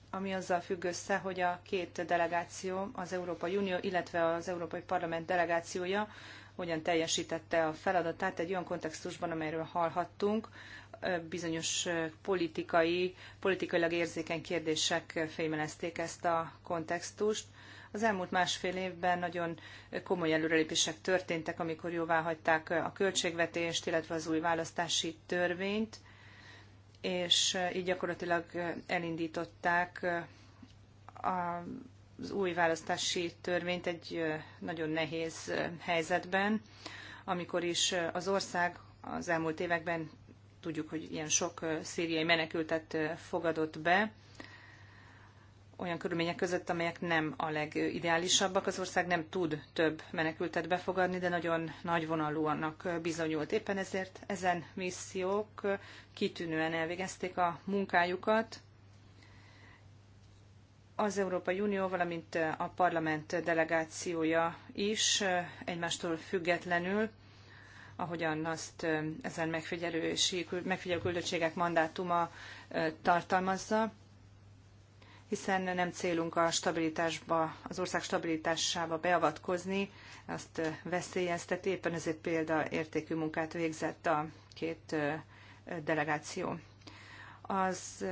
ami azzal függ össze, hogy a két delegáció, az Európai Unió, illetve az Európai Parlament delegációja hogyan teljesítette a feladatát egy olyan kontextusban, amelyről hallhattunk, bizonyos politikai, politikailag érzékeny kérdések fémelezték ezt a kontextust. Az elmúlt másfél évben nagyon komoly előrelépések történtek, amikor jóvá hagyták a költségvetést, illetve az új választási törvényt, és így gyakorlatilag elindították az új választási törvényt egy nagyon nehéz helyzetben, amikor is az ország az elmúlt években tudjuk, hogy ilyen sok szíriai menekültet fogadott be, olyan körülmények között, amelyek nem a legideálisabbak. Az ország nem tud több menekültet befogadni, de nagyon nagy annak bizonyult. Éppen ezért ezen missziók kitűnően elvégezték a munkájukat. Az Európai Unió, valamint a parlament delegációja is egymástól függetlenül ahogyan azt ezen megfigyelő küldöttségek mandátuma tartalmazza hiszen nem célunk a stabilitásba, az ország stabilitásába beavatkozni, azt veszélyezteti, éppen ezért példaértékű munkát végzett a két delegáció. Az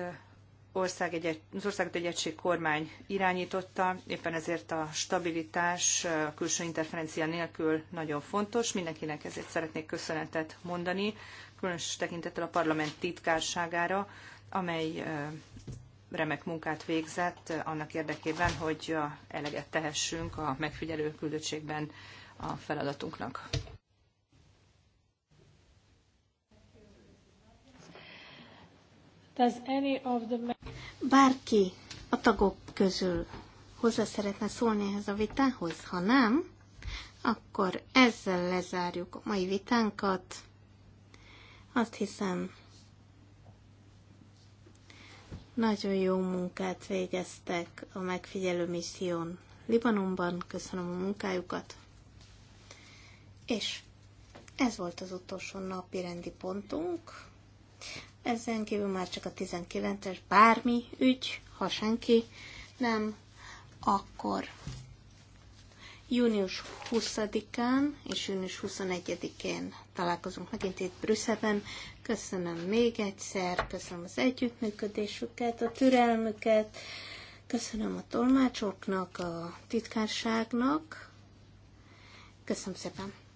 ország egy, az országot egy egység kormány irányította, éppen ezért a stabilitás a külső interferencia nélkül nagyon fontos. Mindenkinek ezért szeretnék köszönetet mondani, különös tekintettel a parlament titkárságára, amely remek munkát végzett annak érdekében, hogy eleget tehessünk a megfigyelő küldöttségben a feladatunknak. Bárki a tagok közül hozzá szeretne szólni ehhez a vitához? Ha nem, akkor ezzel lezárjuk a mai vitánkat. Azt hiszem, nagyon jó munkát végeztek a megfigyelő misszión Libanonban. Köszönöm a munkájukat. És ez volt az utolsó napi rendi pontunk. Ezen kívül már csak a 19-es bármi ügy, ha senki nem, akkor június 20-án és június 21-én találkozunk megint itt Brüsszelben köszönöm még egyszer, köszönöm az együttműködésüket, a türelmüket, köszönöm a tolmácsoknak, a titkárságnak. Köszönöm szépen!